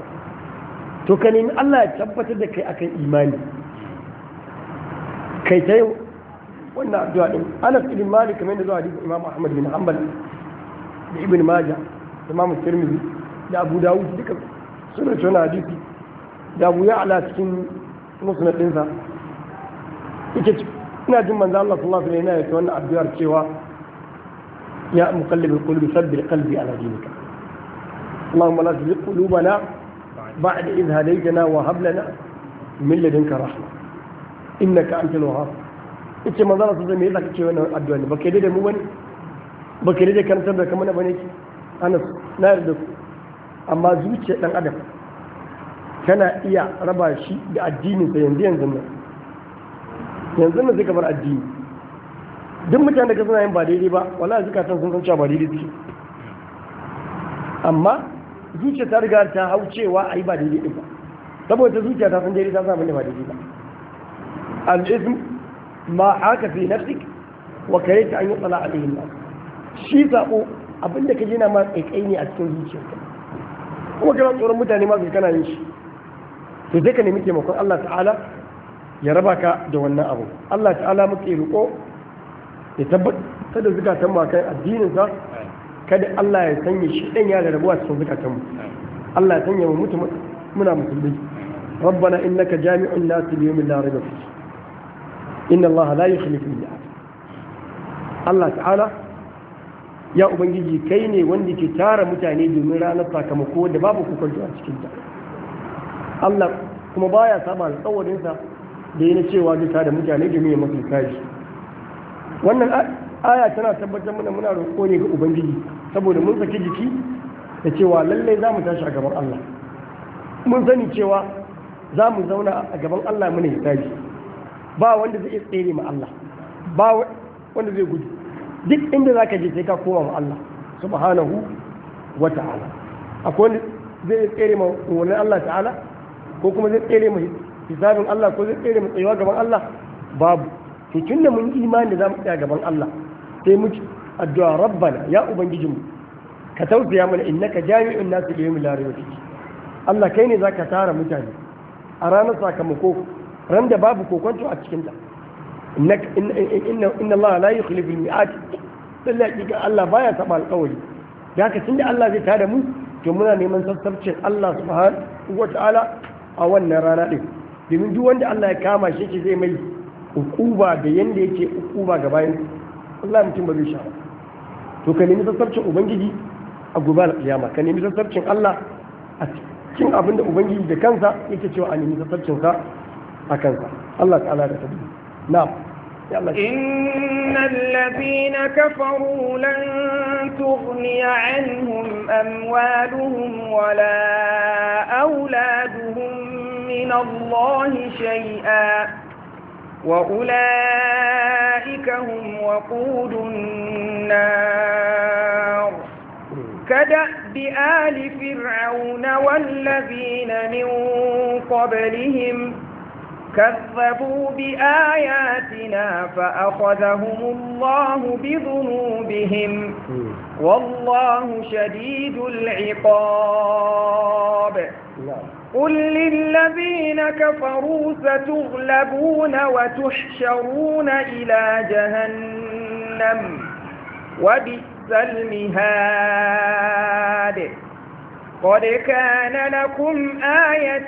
to ka nemi Allah ya tabbatar da kai akan imani kai ta yau wannan addu'a din Anas ibn Malik kamar da zuwa hadisi Imam Ahmad bin Hanbal da Ibn Maja da Imam Tirmidhi da Abu Dawud duka sun rawaito wannan hadisi da Abu ya ala cikin musnad ɗinsa yake ina jin manzo Allah sallallahu alaihi wasallam yana wannan addu'ar cewa ya muqallibul qulubi sabbir qalbi ala dinika اللهم لا تزغ قلوبنا بعد إذ هديتنا وهب لنا من لدنك رحمة إنك أنت الوهاب إنت ما ظلت زمي لك كي وانا أدوان بكيدي دي مواني بكيدي دي كانت تبدا كمانا بنيك أنا نار دك أما زوجة لن أدف كان إيا ربا شيء بأديني سيندي ينزلنا ينزلنا زي كبر أدين duk mutane da ka suna yin ba daidai ba wala zukatan sun san cewa ba daidai amma zuciya ta riga ta hau cewa a yi ba daidai ba saboda zuciya ta san daidai ta samun ne ba daidai ba al'izm ma haka fi fi wa kare ta an yi tsala ɗin ba shi zaɓo abinda ka jina ma tsaikai ne a cikin zuciyarka kuma kana tsoron mutane ma su kana yin shi to zai ka nemi taimakon Allah ta'ala ya raba ka da wannan abu Allah ta'ala muke riƙo ya tabbatar da zukatan ma kai addinin sa kada Allah ya sanya shi dan ya a cikin zukatanmu Allah ya sanya mu mutu muna musulmi rabbana innaka jami'un nas li yawmin la rayba fihi inna Allah la yukhlifu al-mi'ad Allah ta'ala ya ubangiji kai ne wanda ke tara mutane domin ranar sakamako da babu kokonto a cikin ta Allah kuma baya saba alƙawarinsa da yana cewa zai tara mutane domin ya mafi kaji wannan aya tana tabbatar mana muna roƙo ne ga ubangiji saboda mun saki jiki da cewa lallai za mu tashi a gaban Allah mun sani cewa za mu zauna a gaban Allah muna hisabi ba wanda zai tsere ma Allah ba wanda zai gudu duk inda za ka je sai ka koma ma Allah subhanahu wa ta'ala akwai wanda zai tsere ma umarnin Allah ta'ala ko kuma zai tsere ma hisabin Allah ko zai tsere ma tsayuwa gaban Allah babu to tunda mun imani da za mu tsaya gaban Allah sai muke addu'a rabbana ya ubangijinmu ka tausaya mana innaka jami'in nasu ɗaya milari wata rayba Allah kai ne za ka tara mutane a ranar sakamako ran da babu kokonto a cikin ta inna Allah la yukhlifu al-mi'at tsalla kika Allah baya taɓa alƙawari da haka da Allah zai tada mu to muna neman sassabcin Allah subhanahu wa ta'ala a wannan rana ɗin domin duk wanda Allah ya kama shi ke zai mai hukuba da yanda yake hukuba ga bayan wallahi mutum ba zai sha to ka nemi sassarcin ubangiji a gobe alƙiyama ka nemi sassarcin Allah a cikin abin da ubangiji da kansa yake cewa a nemi sassarcin sa a kansa Allah ta'ala da tabi na'am إن الذين كفروا لن تغني عنهم أموالهم wala, أولادهم من الله شيئا وأولئك هم وقود النار كدأب آل فرعون والذين من قبلهم كذبوا بآياتنا فأخذهم الله بذنوبهم والله شديد العقاب نعم. قل للذين كفروا ستغلبون وتحشرون إلى جهنم وبئس المهاد قد كان لكم آية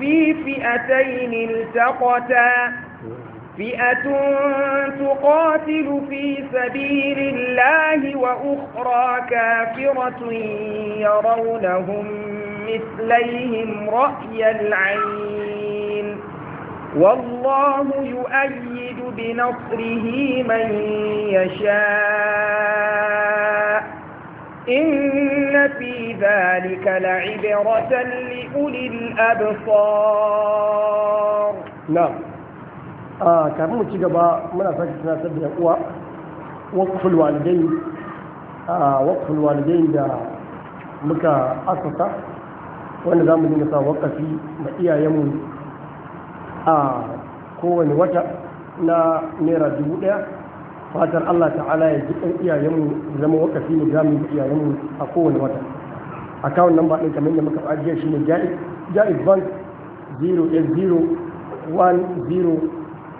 في فئتين التقتا فئة تقاتل في سبيل الله وأخرى كافرة يرونهم مثليهم رأي العين والله يؤيد بنصره من يشاء إن في ذلك لعبرة لأولي الأبصار نعم a kafin mu ci gaba muna sake tunatar da uwa wakful walidai a wakful walidai da muka asasa wanda za mu dinga sa wakafi ma iyayenmu a kowane wata na naira dubu ɗaya fatar allah ta'ala ya ji ɗan iyayenmu zama wakafi ne za mu yi iyayenmu a kowane wata akawun nan ba ɗin kamar yadda muka ajiye shi ne jaiz bank 080 10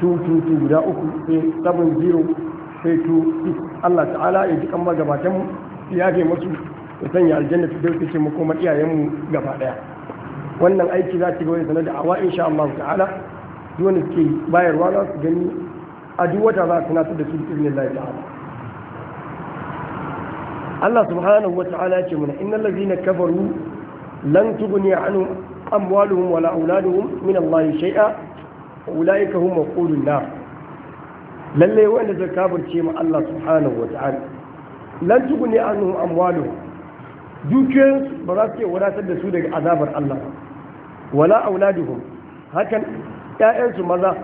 222 guda uku sai 70 sai 2 Allah ta'ala ya ji kamar magabatanmu ya yafe masu ya sanya aljanna ta dauke ce makomar iyayenmu gaba daya wannan aiki za ta ga wani sanar da awa insha Allah ta'ala duk suke bayarwa za su gani a duk wata za su tunatar da su bi Allah ta'ala Allah subhanahu wa ta'ala ya ce mana innal ladina kafaru lan tughni anhum amwaluhum wala auladuhum min Allah shay'a ulaika hum maqulun nar lalle wanda zai kabarce ma Allah subhanahu wa ta'ala lan tuguni anhu amwalu dukiyoyin ba za su iya wadatar da su daga azabar Allah wala auladuhum hakan ƴaƴansu maza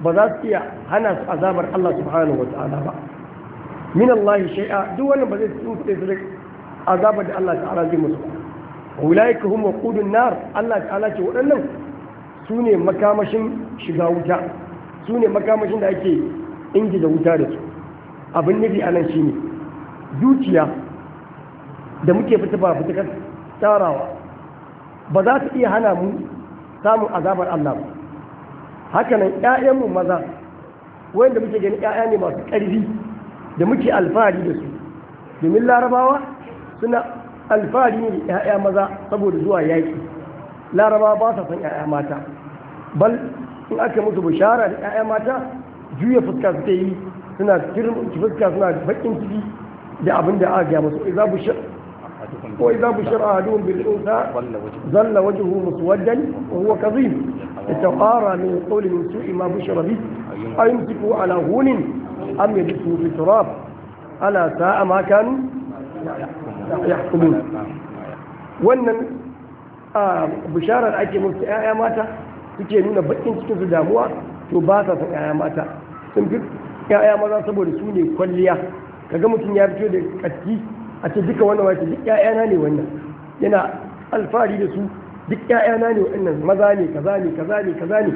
ba za su iya hana su azabar Allah subhanahu wa ta'ala ba min Allah shay'a duk wannan ba zai tsinkuɗe su daga azabar da Allah ta'ala zai musu ba ulaika hum waqudun nar Allah ta'ala ce waɗannan su ne makamashin shiga wuta su ne makamashin da ake ingi da wuta da su abin nufi a shi ne dukiya da muke fita ba fita tsarawa ba za su iya hana mu samun azabar Allah ba hakanan ƴaƴanmu maza wanda muke gani 'ya'ya ne masu ƙarfi da muke alfahari da su domin larabawa suna alfahari ne da ƴaƴa maza saboda zuwa yaƙi larabawa ba sa son ƴaƴa mata bal in aka musu bishara da 'ya'ya mata juya fuska suke yi suna kirin fuska suna bakin ciki da abin da aka gaya musu idza bushir wa idza bushir ahaduhum bil unsa zalla wajhuhu muswaddan wa huwa kadhib yataqara min qawli min su'i ma bushira bi ayumsiku ala hunin am yadsu fi turab ala sa'a ma kanu yahkumun wannan ah, bisharar ake musu 'ya'ya mata suke nuna bakin cikin su damuwa to ba sa san ƴaƴa mata sun fi ƴaƴa maza saboda su ne kwalliya kaga mutum ya fito da ƙarfi a ce duka wannan wace duk ƴaƴana ne wannan yana alfahari da su duk ƴaƴana ne wannan maza ne kaza ne kaza ne kaza ne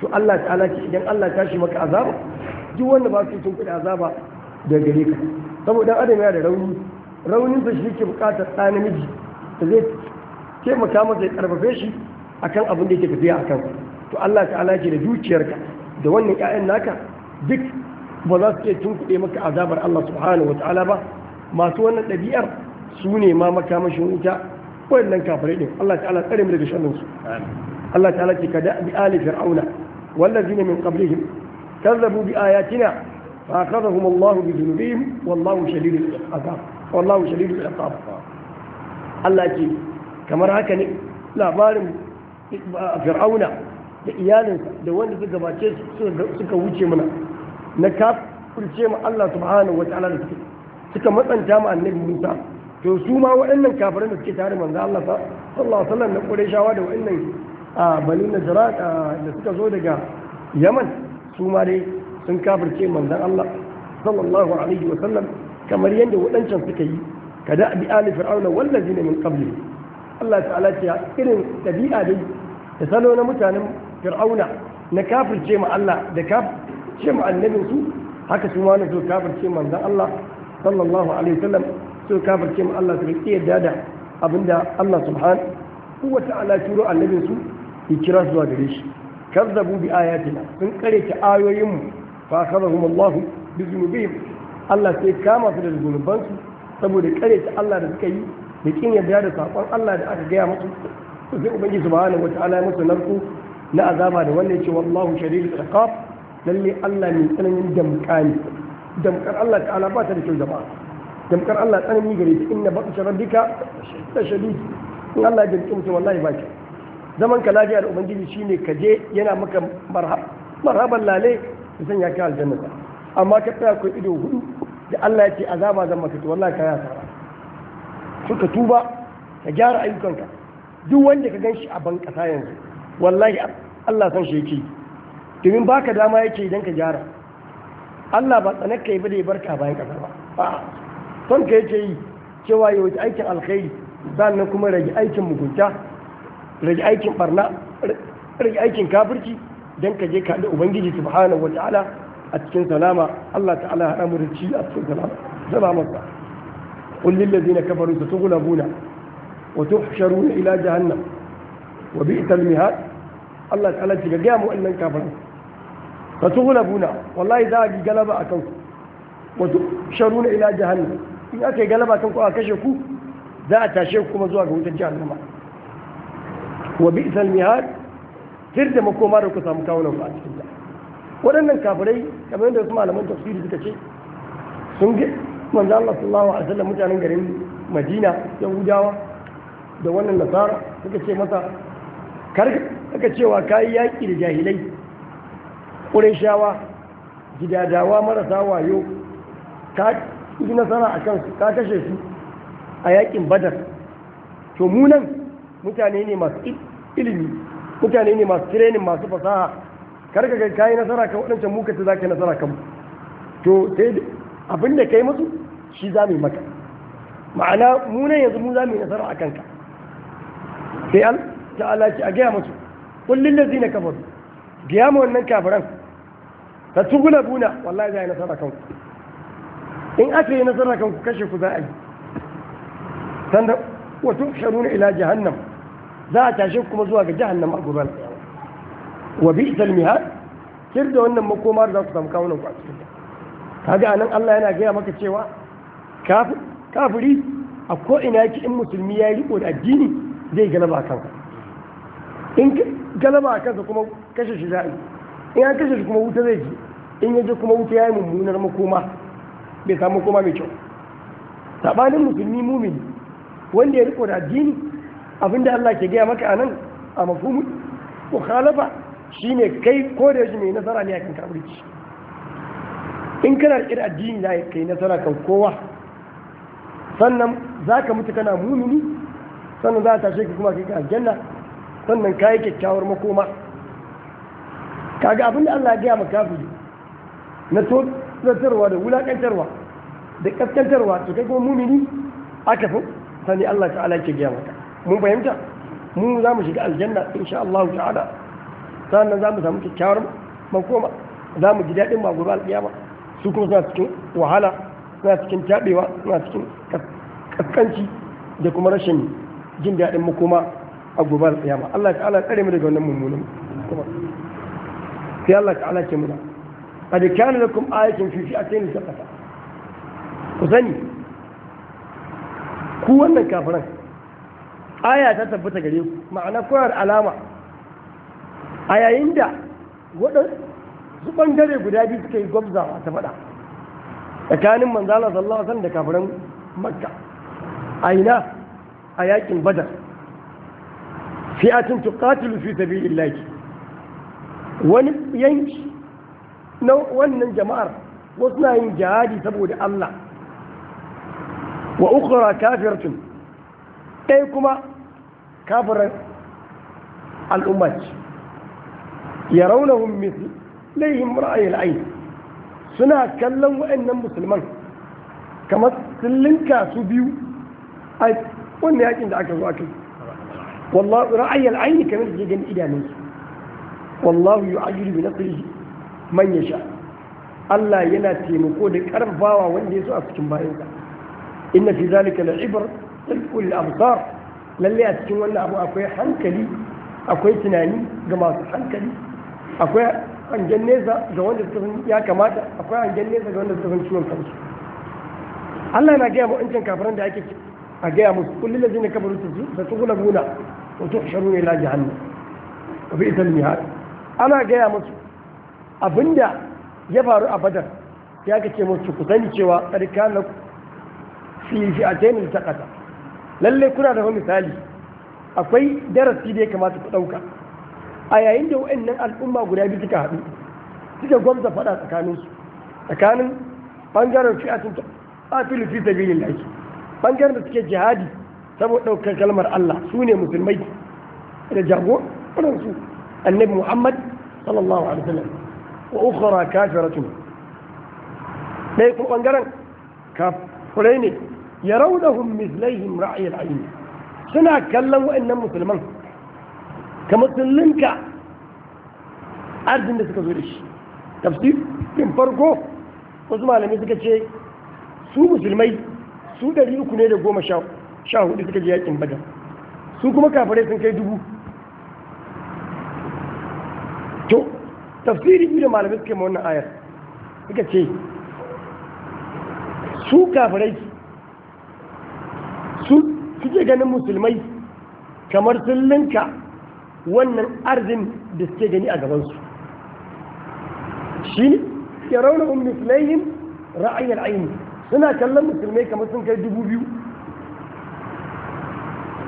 to Allah ta'ala ce idan Allah tashi maka azaba duk wanda ba su sun kuɗi azaba da gare ka saboda adam yana da rauni raunin sa shi ke buƙatar ɗa namiji da zai taimaka masa ya karfafe shi akan abin da yake tafiya akan to Allah ta'ala ce da zuciyarka da wannan ƴaƴan naka duk ba za su iya tunkuɗe maka azabar Allah subhanahu wa ta'ala ba masu wannan ɗabi'ar su ne ma makamashin wuta waɗannan kafirai ne Allah ta'ala tsare mu daga shannin su Allah ta'ala ce kada bi ali fir'auna wallazina min qablihim kazzabu bi ayatina fa akhadhahum Allah bi dhunubihim wallahu shadidul iqab wallahu shadidul iqab Allah ce kamar haka ne labarin fir'auna da iyalinsa da wanda suka gabace suka wuce mana na kafirce mu Allah subhanahu wa ta'ala da suke suka matsanta mu annabi Musa to su ma waɗannan kafirin da suke tare manzo Allah sallallahu alaihi wasallam na Qurayshawa da waɗannan a Bani Najrat da suka zo daga Yaman su ma dai sun kafirce manzo Allah sallallahu alaihi wasallam kamar yadda waɗancan suka yi kada bi ali fir'auna wallazina min qabli Allah ta'ala ce irin dabi'a dai da salo na mutanen fir'auna na kafirce ma Allah da kafirce ma annabin su haka su ma su kafirce manzon Allah sallallahu alaihi wasallam so kafirce ma Allah su ki yadda da abinda Allah subhanahu wa ta'ala turo annabin su ya kira zuwa gare shi kazzabu bi ayatina sun kare ta ayoyin mu fa akhadhahum Allah bi dhunubihim Allah sai kama su da zunubansu saboda kare ta Allah da suka yi da kin yadda da sakon Allah da aka gaya musu to sai ubangiji subhanahu wataala ya musu na azaba da wannan ce wallahu shadidul iqab lalle Allah mai tsananin damka ne damkar Allah ta'ala ba ta da kyau jama'a damkar Allah gare inna rabbika shadid in Allah ya damke mutum wallahi zaman ka lafiya da ubangiji shine ka je yana maka marhab marhaban lale ya sanya ka aljanna amma ka tsaya ku ido hudu da Allah ya ce azaba zan maka to wallahi ka yasa suka tuba ka gyara ayyukanka duk wanda ka gan shi a bankasa yanzu wallahi Allah san shi yake domin ka dama yake idan ka gyara Allah ba tsanar ka yi bada ya barka bayan ƙasa ba son ka yake yi cewa ya wuce aikin alkhairi sannan kuma rage aikin mugunta rage aikin barna rage aikin kafirci don ka je ka da ubangiji subhanahu wata'ala a cikin salama Allah ta'ala ya haɗa da ci a cikin salama kullum kafaru su وتحشرون إلى جهنم وبئس المهاد الله تعالى تجا مؤمن كافر فتغلبون والله إذا أجي قلب أكنكم وتحشرون إلى جهنم إن أكي قلب أكنكم أكشفوا ذا أتاشيكم وزواكم تجهنم وبئس المهاد ترد مكومار وكثام كونه فاتحين waɗannan kafirai kamar yadda wasu malaman tafsiri suka ce sun ga manzo Allah sallallahu alaihi wasallam mutanen garin Madina Yahudawa da wannan nasara suka ce masa karka cewa ka yi yaƙi da jahilai shawa, gidadawa marasa wayo ka yi nasara a kansu ka kashe su a yaƙin badar to munan mutane ne masu ilimi mutane ne masu tirenin masu fasaha karka ga kayi nasara kan waɗancan muka ta ka nasara kan to sai abinda yi musu shi za mu yi maka ma'ana munan yanzu mu za mu yi nasara a kanka sai an ta'ala ce a gaya musu da zina kafar gaya mu wannan kafiran ta tugula buna wallahi za yi nasara kanku in aka yi nasara kanku kashe ku za a yi sanda wato na ila jahannam za a tashe kuma zuwa ga jahannam a gobe wa bi isal mihad kir da wannan makomar za ku samu kawunan ku a cikin kaga anan Allah yana gaya maka cewa kafiri a ko ina yake in musulmi ya yi riko da addini zai galaba a kanka in galaba a kanka kuma kashe shi za'i in ya kashe shi kuma wuta zai ji in yaje kuma wuta ya yi mummunar makoma bai samu makoma mai kyau Saɓanin musulmi mumini wanda ya riko da addini abinda Allah ke gaya maka anan a mafhumu mukhalafa shine kai ko da yaji mai nasara ne a kan kafirci in kana da kira addini za kai nasara kan kowa sannan zaka mutu kana mumini sannan za a tashe ka kuma ka ka aljanna sannan ka yi kyakkyawar makoma kaga abin da Allah ya gaya maka kafiri na tozartarwa da wulakantarwa da kaskantarwa to kai kuma mumini aka fi sani Allah ta'ala ke gaya maka mun fahimta mu za mu shiga aljanna insha Allah ta'ala sannan za mu samu kyakkyawar makoma za mu ji daɗin ba gobe alƙiyama su kuma suna cikin wahala suna cikin taɓewa suna cikin kaskanci da kuma rashin jin daɗin mu kuma a gobe tsayama Allah ta'ala tsare mu daga wannan mummunan kuma sai Allah ala ke muna kuma kana fifi a fi nisan ƙasa ku sani ku wannan kafiran aya ta tabbata gare ku ma'ana koyar alama a yayin da waɗansu ɓangare guda biyu suka yi gwabzawa ta faɗa tsakanin manzala sallallahu alaihi da kafiran makka a ina a yakin badar fi'atun tuqatilu fi sabilillah wani yanki na wannan jama'ar wasu na yin jihadi saboda Allah wa ukhra kafiratun ɗaya kuma kafirar al'umma ce yarawnahum mithli layhim ra'ayil ayn suna kallon wa'annan musulman kamar sun su biyu a wannan yakin da aka zo aka yi wallahu ra'ayyal aini kamar da gani idanun su wallahu yu'ajiru bi nasrihi man yasha Allah yana taimako da karfawa wanda ya so a cikin ka. inna fi zalika la'ibr tilkul absar lalle a cikin wannan abu akwai hankali akwai tunani ga masu hankali akwai hangen nesa ga wanda suka san ya kamata akwai hangen nesa ga wanda suka san ciwon kansu Allah yana gaya wa wancan kafiran da ake a gaya musu kullum lazina kafaru da tukula guna wa tuhsharu ila jahannam wa bi ita mihad ana gaya musu abinda ya faru a badar ya kace musu ku sani cewa tsarkan fi fi ajainil taqata lalle kuna da misali akwai darasi da ya kamata ku ɗauka. a yayin da wa'annan al'umma guda biyu suka haɗu suka gwamza faɗa tsakaninsu tsakanin ɓangaren fi'atun ta fi lufi sabilin laiki bangaren da suke jihadi saboda ɗaukar kalmar Allah su ne musulmai da jago su annabi Muhammad sallallahu alaihi wasallam wa ukhra kafiratun dai ko bangaren kafirai ne yarawdahum mislaihim ra'i al-ayn suna kallon wa'annan musulman kamar musulunka arzin da suka zo da shi tafsirin farko wasu malamai suka ce su musulmai su ɗari uku ne da goma sha hudu suka je yakin badar su kuma kafare sun kai dubu to tafsiri biyu da malamai suke ma wannan ayar suka ce su kafare, su suke ganin musulmai kamar sun linka wannan arzin da suke gani a gabansu shi ne ya rauna umar ra'ayyar ainihi suna kallon musulmai kamar sun kai dubu biyu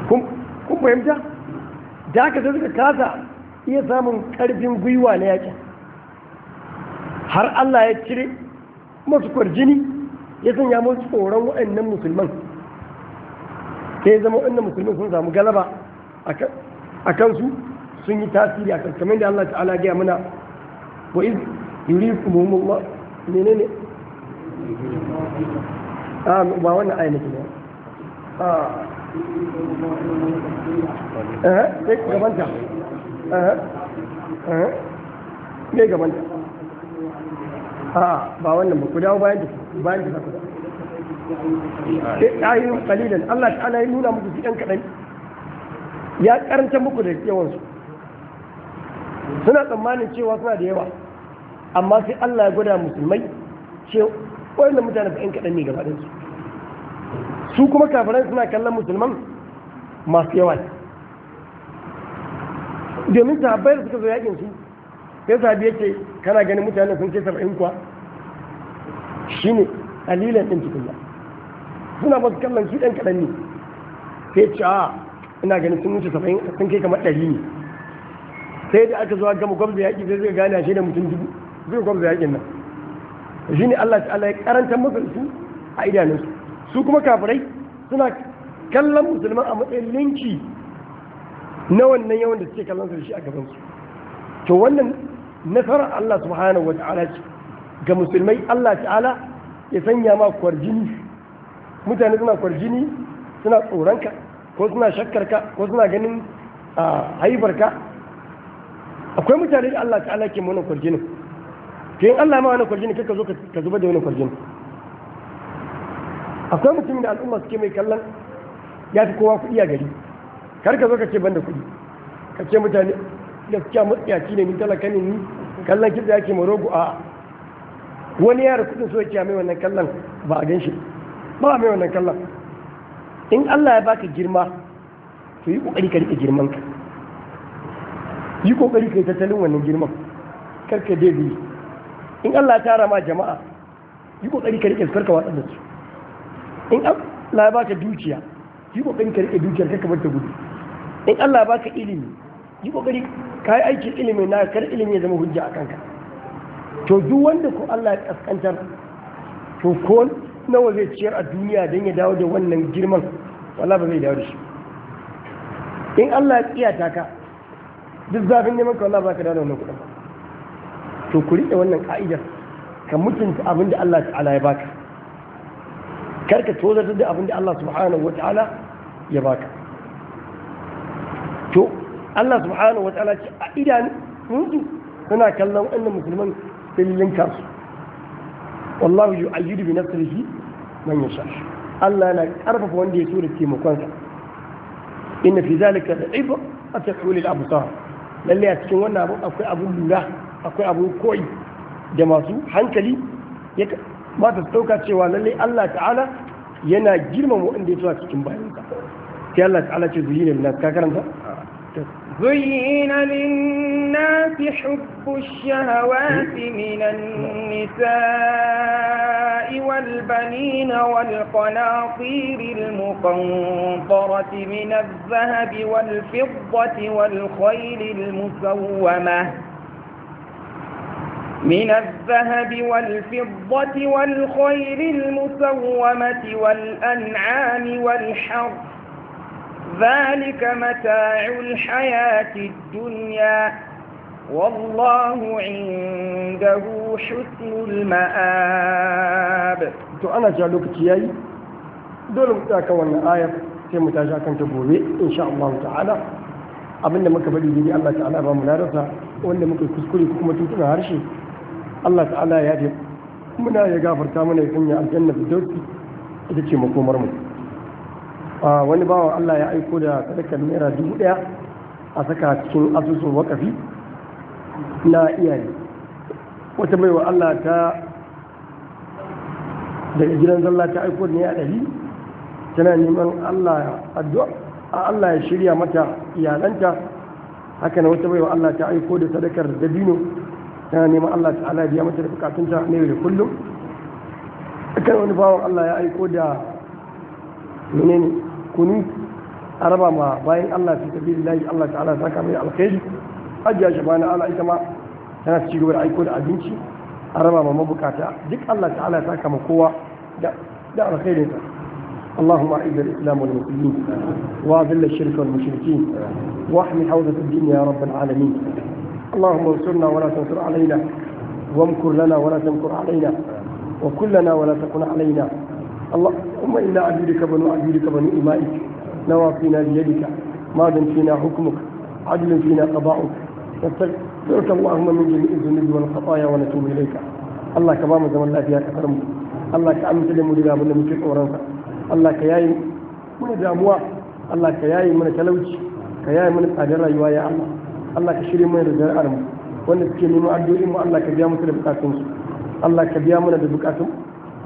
kun fahimta da aka sai suka kasa iya samun karfin gwiwa na yakin har Allah ya cire masu kwarjini ya sanya masu tsoron waɗannan musulman sai zama waɗannan musulman sun samu galaba a kansu sun yi tasiri a kankamin da Allah ta'ala gaya mana wa iz ne ne Ah, ba wannan aya nake ba ah. eh eh eh, eh ah, ba wannan ba ku dawo bayan da bayan da ku dawo eh, ayoyin kalilan Allah ta'ala ya nuna muku su kadai ya karanta muku da yawansu suna tsammanin cewa suna da yawa amma sai Allah ya gwada musulmai waɗannan mutane ba 'yan kaɗan ne gaba su su kuma kafiran suna kallon musulman masu yawa ne domin sahabbai da suka zo yakin su sai sahabi yake kana ganin mutane sun ce saba'in kuwa shine kalilan ɗin cikin ba suna masu kallon su ɗan kaɗan ne sai ce a ina ganin sun wuce saba'in sun kai kamar ɗari ne sai da aka zuwa gama gwamza yaƙi zai zai gane shi da mutum dubu zai gwamza yaƙin nan shi ne Allah ta'ala ya karanta masa a idanunsu su kuma kafirai suna kallon musulman a matsayin linki na wannan yawan da suke kallon su da shi a gabansu to wannan nasarar Allah subhanahu wa ta'ala ce ga musulmai Allah ta'ala ya sanya ma kwarjini mutane suna kwarjini suna tsoronka ko suna shakkarka ko suna ganin ah, haifarka. akwai mutane da Allah ta'ala ke mana kwarjinin to in Allah ma wani ne kai ka zo ka zuba da wani kwarjini akwai mutumin da al'umma suke mai kallon ya fi kowa kuɗi a gari kar ka zo ka ce ban da kuɗi ka ce mutane gaskiya matsiyaci ne ni talaka ne ni kallon kitse yake ma rogo a wani yara kudin so yake mai wannan kallon ba a gan shi. ba mai wannan kallon in Allah ya baka girma to yi kokari ka rike girman ka yi kokari ka yi tattalin wannan girman kar ka dai biyu in Allah ya tara ma jama'a yi kokari ka rike sarka watsar da su in Allah ya baka dukiya yi kokari ka rike dukiyar ka kamar ta gudu in Allah ya baka ilimi yi kokari ka yi aikin ilimi na kar ilimi ya zama hujja a kanka to duk wanda ko Allah ya kaskantar to ko nawa zai ciyar a duniya don ya dawo da wannan girman wala ba zai dawo da shi in Allah ya tsiyata ka duk zafin neman ka wallahi ba ka dawo da wannan kuɗin ba to ku riƙe wannan ka'idar ka mutunta abin da Allah ta'ala ya baka karka tozartar da abin da Allah subhanahu wata'ala ya baka to Allah subhanahu wata'ala ce a idanunsu suna kallon wannan musulman filin kansu wallahu bi man Allah na ƙarfafa wanda ya so da taimakonsa inna fi zalika da'ibra ataqul al-absar lalle a cikin wannan abu akwai abun lura akwai abu koi da masu hankali ya ta su dauka cewa lallai Allah ta'ala yana girmama waɗanda ya tura cikin bayansa sai Allah ta'ala ce zuyina lin nas ka karanta zuyina lin nas hubbu shahawati minan nisa'i wal banina wal qanatir al muqantarati min adh-dhahabi wal fiddati wal khayl al musawwamah من الذهب والفضة والخير المسومة والأنعام والحر ذلك متاع الحياة الدنيا والله عنده حسن المآب تو جالوك تياي دولو تاكا وانا آية في متاجاكا تبوري إن شاء الله تعالى أبنى مكبري جيدي الله تعالى بامنا رسا مكبري كسكري كمتوتنا هرشي Allah ta'ala ya yafe muna ya gafarta mana ya sanya aljanna da dauki ita ce makomar mu wani bawa Allah ya aiko da sadakar naira dubu daya a saka cikin asusun wakafi na iyaye wata baiwa Allah ta daga gidan zalla ta aiko ne a ɗari tana neman Allah addu'a Allah ya shirya mata iyalanta haka ne wata baiwa Allah ta aiko da sadakar dabino tana neman Allah ta'ala biya mata da bukatun ta ne da kullum kan wani bawan Allah ya aiko da menene kuni a raba ma bayan Allah fi tafi lillahi Allah ta'ala ta kamar alkhairi ajiya shi bana Allah ita ma tana ci gaba da aiko da abinci a raba ma mabukata duk Allah ta'ala ta kama kowa da da alkhairin ta اللهم أعز الإسلام والمسلمين وأذل الشرك والمشركين واحمي حوزة الدين يا رب العالمين اللهم انصرنا ولا تنصر علينا وامكر لنا ولا تمكر علينا وكلنا ولا تكن علينا اللهم إنا عبيدك بنو عبيدك بنو إمائك نواصينا بيدك ماض فينا حكمك عدل فينا قضاؤك نستغفرك اللهم من جميع الذنوب والخطايا ونتوب إليك الله كما زمن الله فيها كفرم الله كأمس لم يجب أن نمشي قرانك الله كياي من داموا الله كياي من تلوج كياي من قادر يا الله Allah ka shirye mana da zara'ar mu wanda suke neman addu'o'in mu Allah ka biya musu da bukatun su Allah ka biya mana da bukatun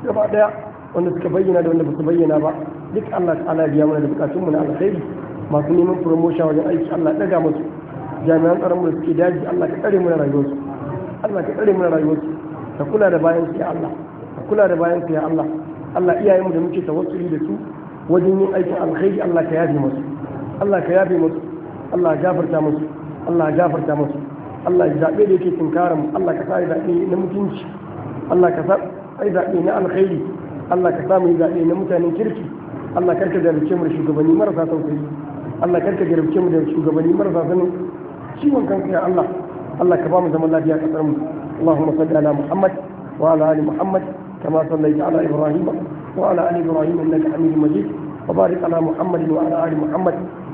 gaba daya wanda suka bayyana da wanda ba su bayyana ba duk Allah ta'ala ya biya mana da bukatun mu na alkhairi masu neman promotion wajen aiki Allah ya daga musu jami'an tsaron mu da suke daji Allah ka tsare mana rayuwarsu Allah ka tsare mana rayuwarsu ka kula da bayan su ya Allah ka kula da bayan su ya Allah Allah mu da muke tawassuli da su wajen yin aikin alkhairi Allah ka yafe musu Allah ka yafe musu Allah gafarta musu Allah ya gafarta musu Allah ya zaɓe da yake tunkarar mu Allah ka sa ya zaɓe na mutunci Allah ka sa zaɓe na alkhairi Allah ka sa mu ya zaɓe na mutanen kirki Allah karka jarabce mu da shugabanni marasa tausayi Allah karka jarabce mu da shugabanni marasa sanin ciwon kanka ya Allah Allah ka ba mu zaman lafiya kasar mu Allahumma salli ala Muhammad wa ala ali Muhammad kama sallaita ala Ibrahim wa ala ali Ibrahim innaka Hamidum Majid ala على wa ala Ali Muhammad.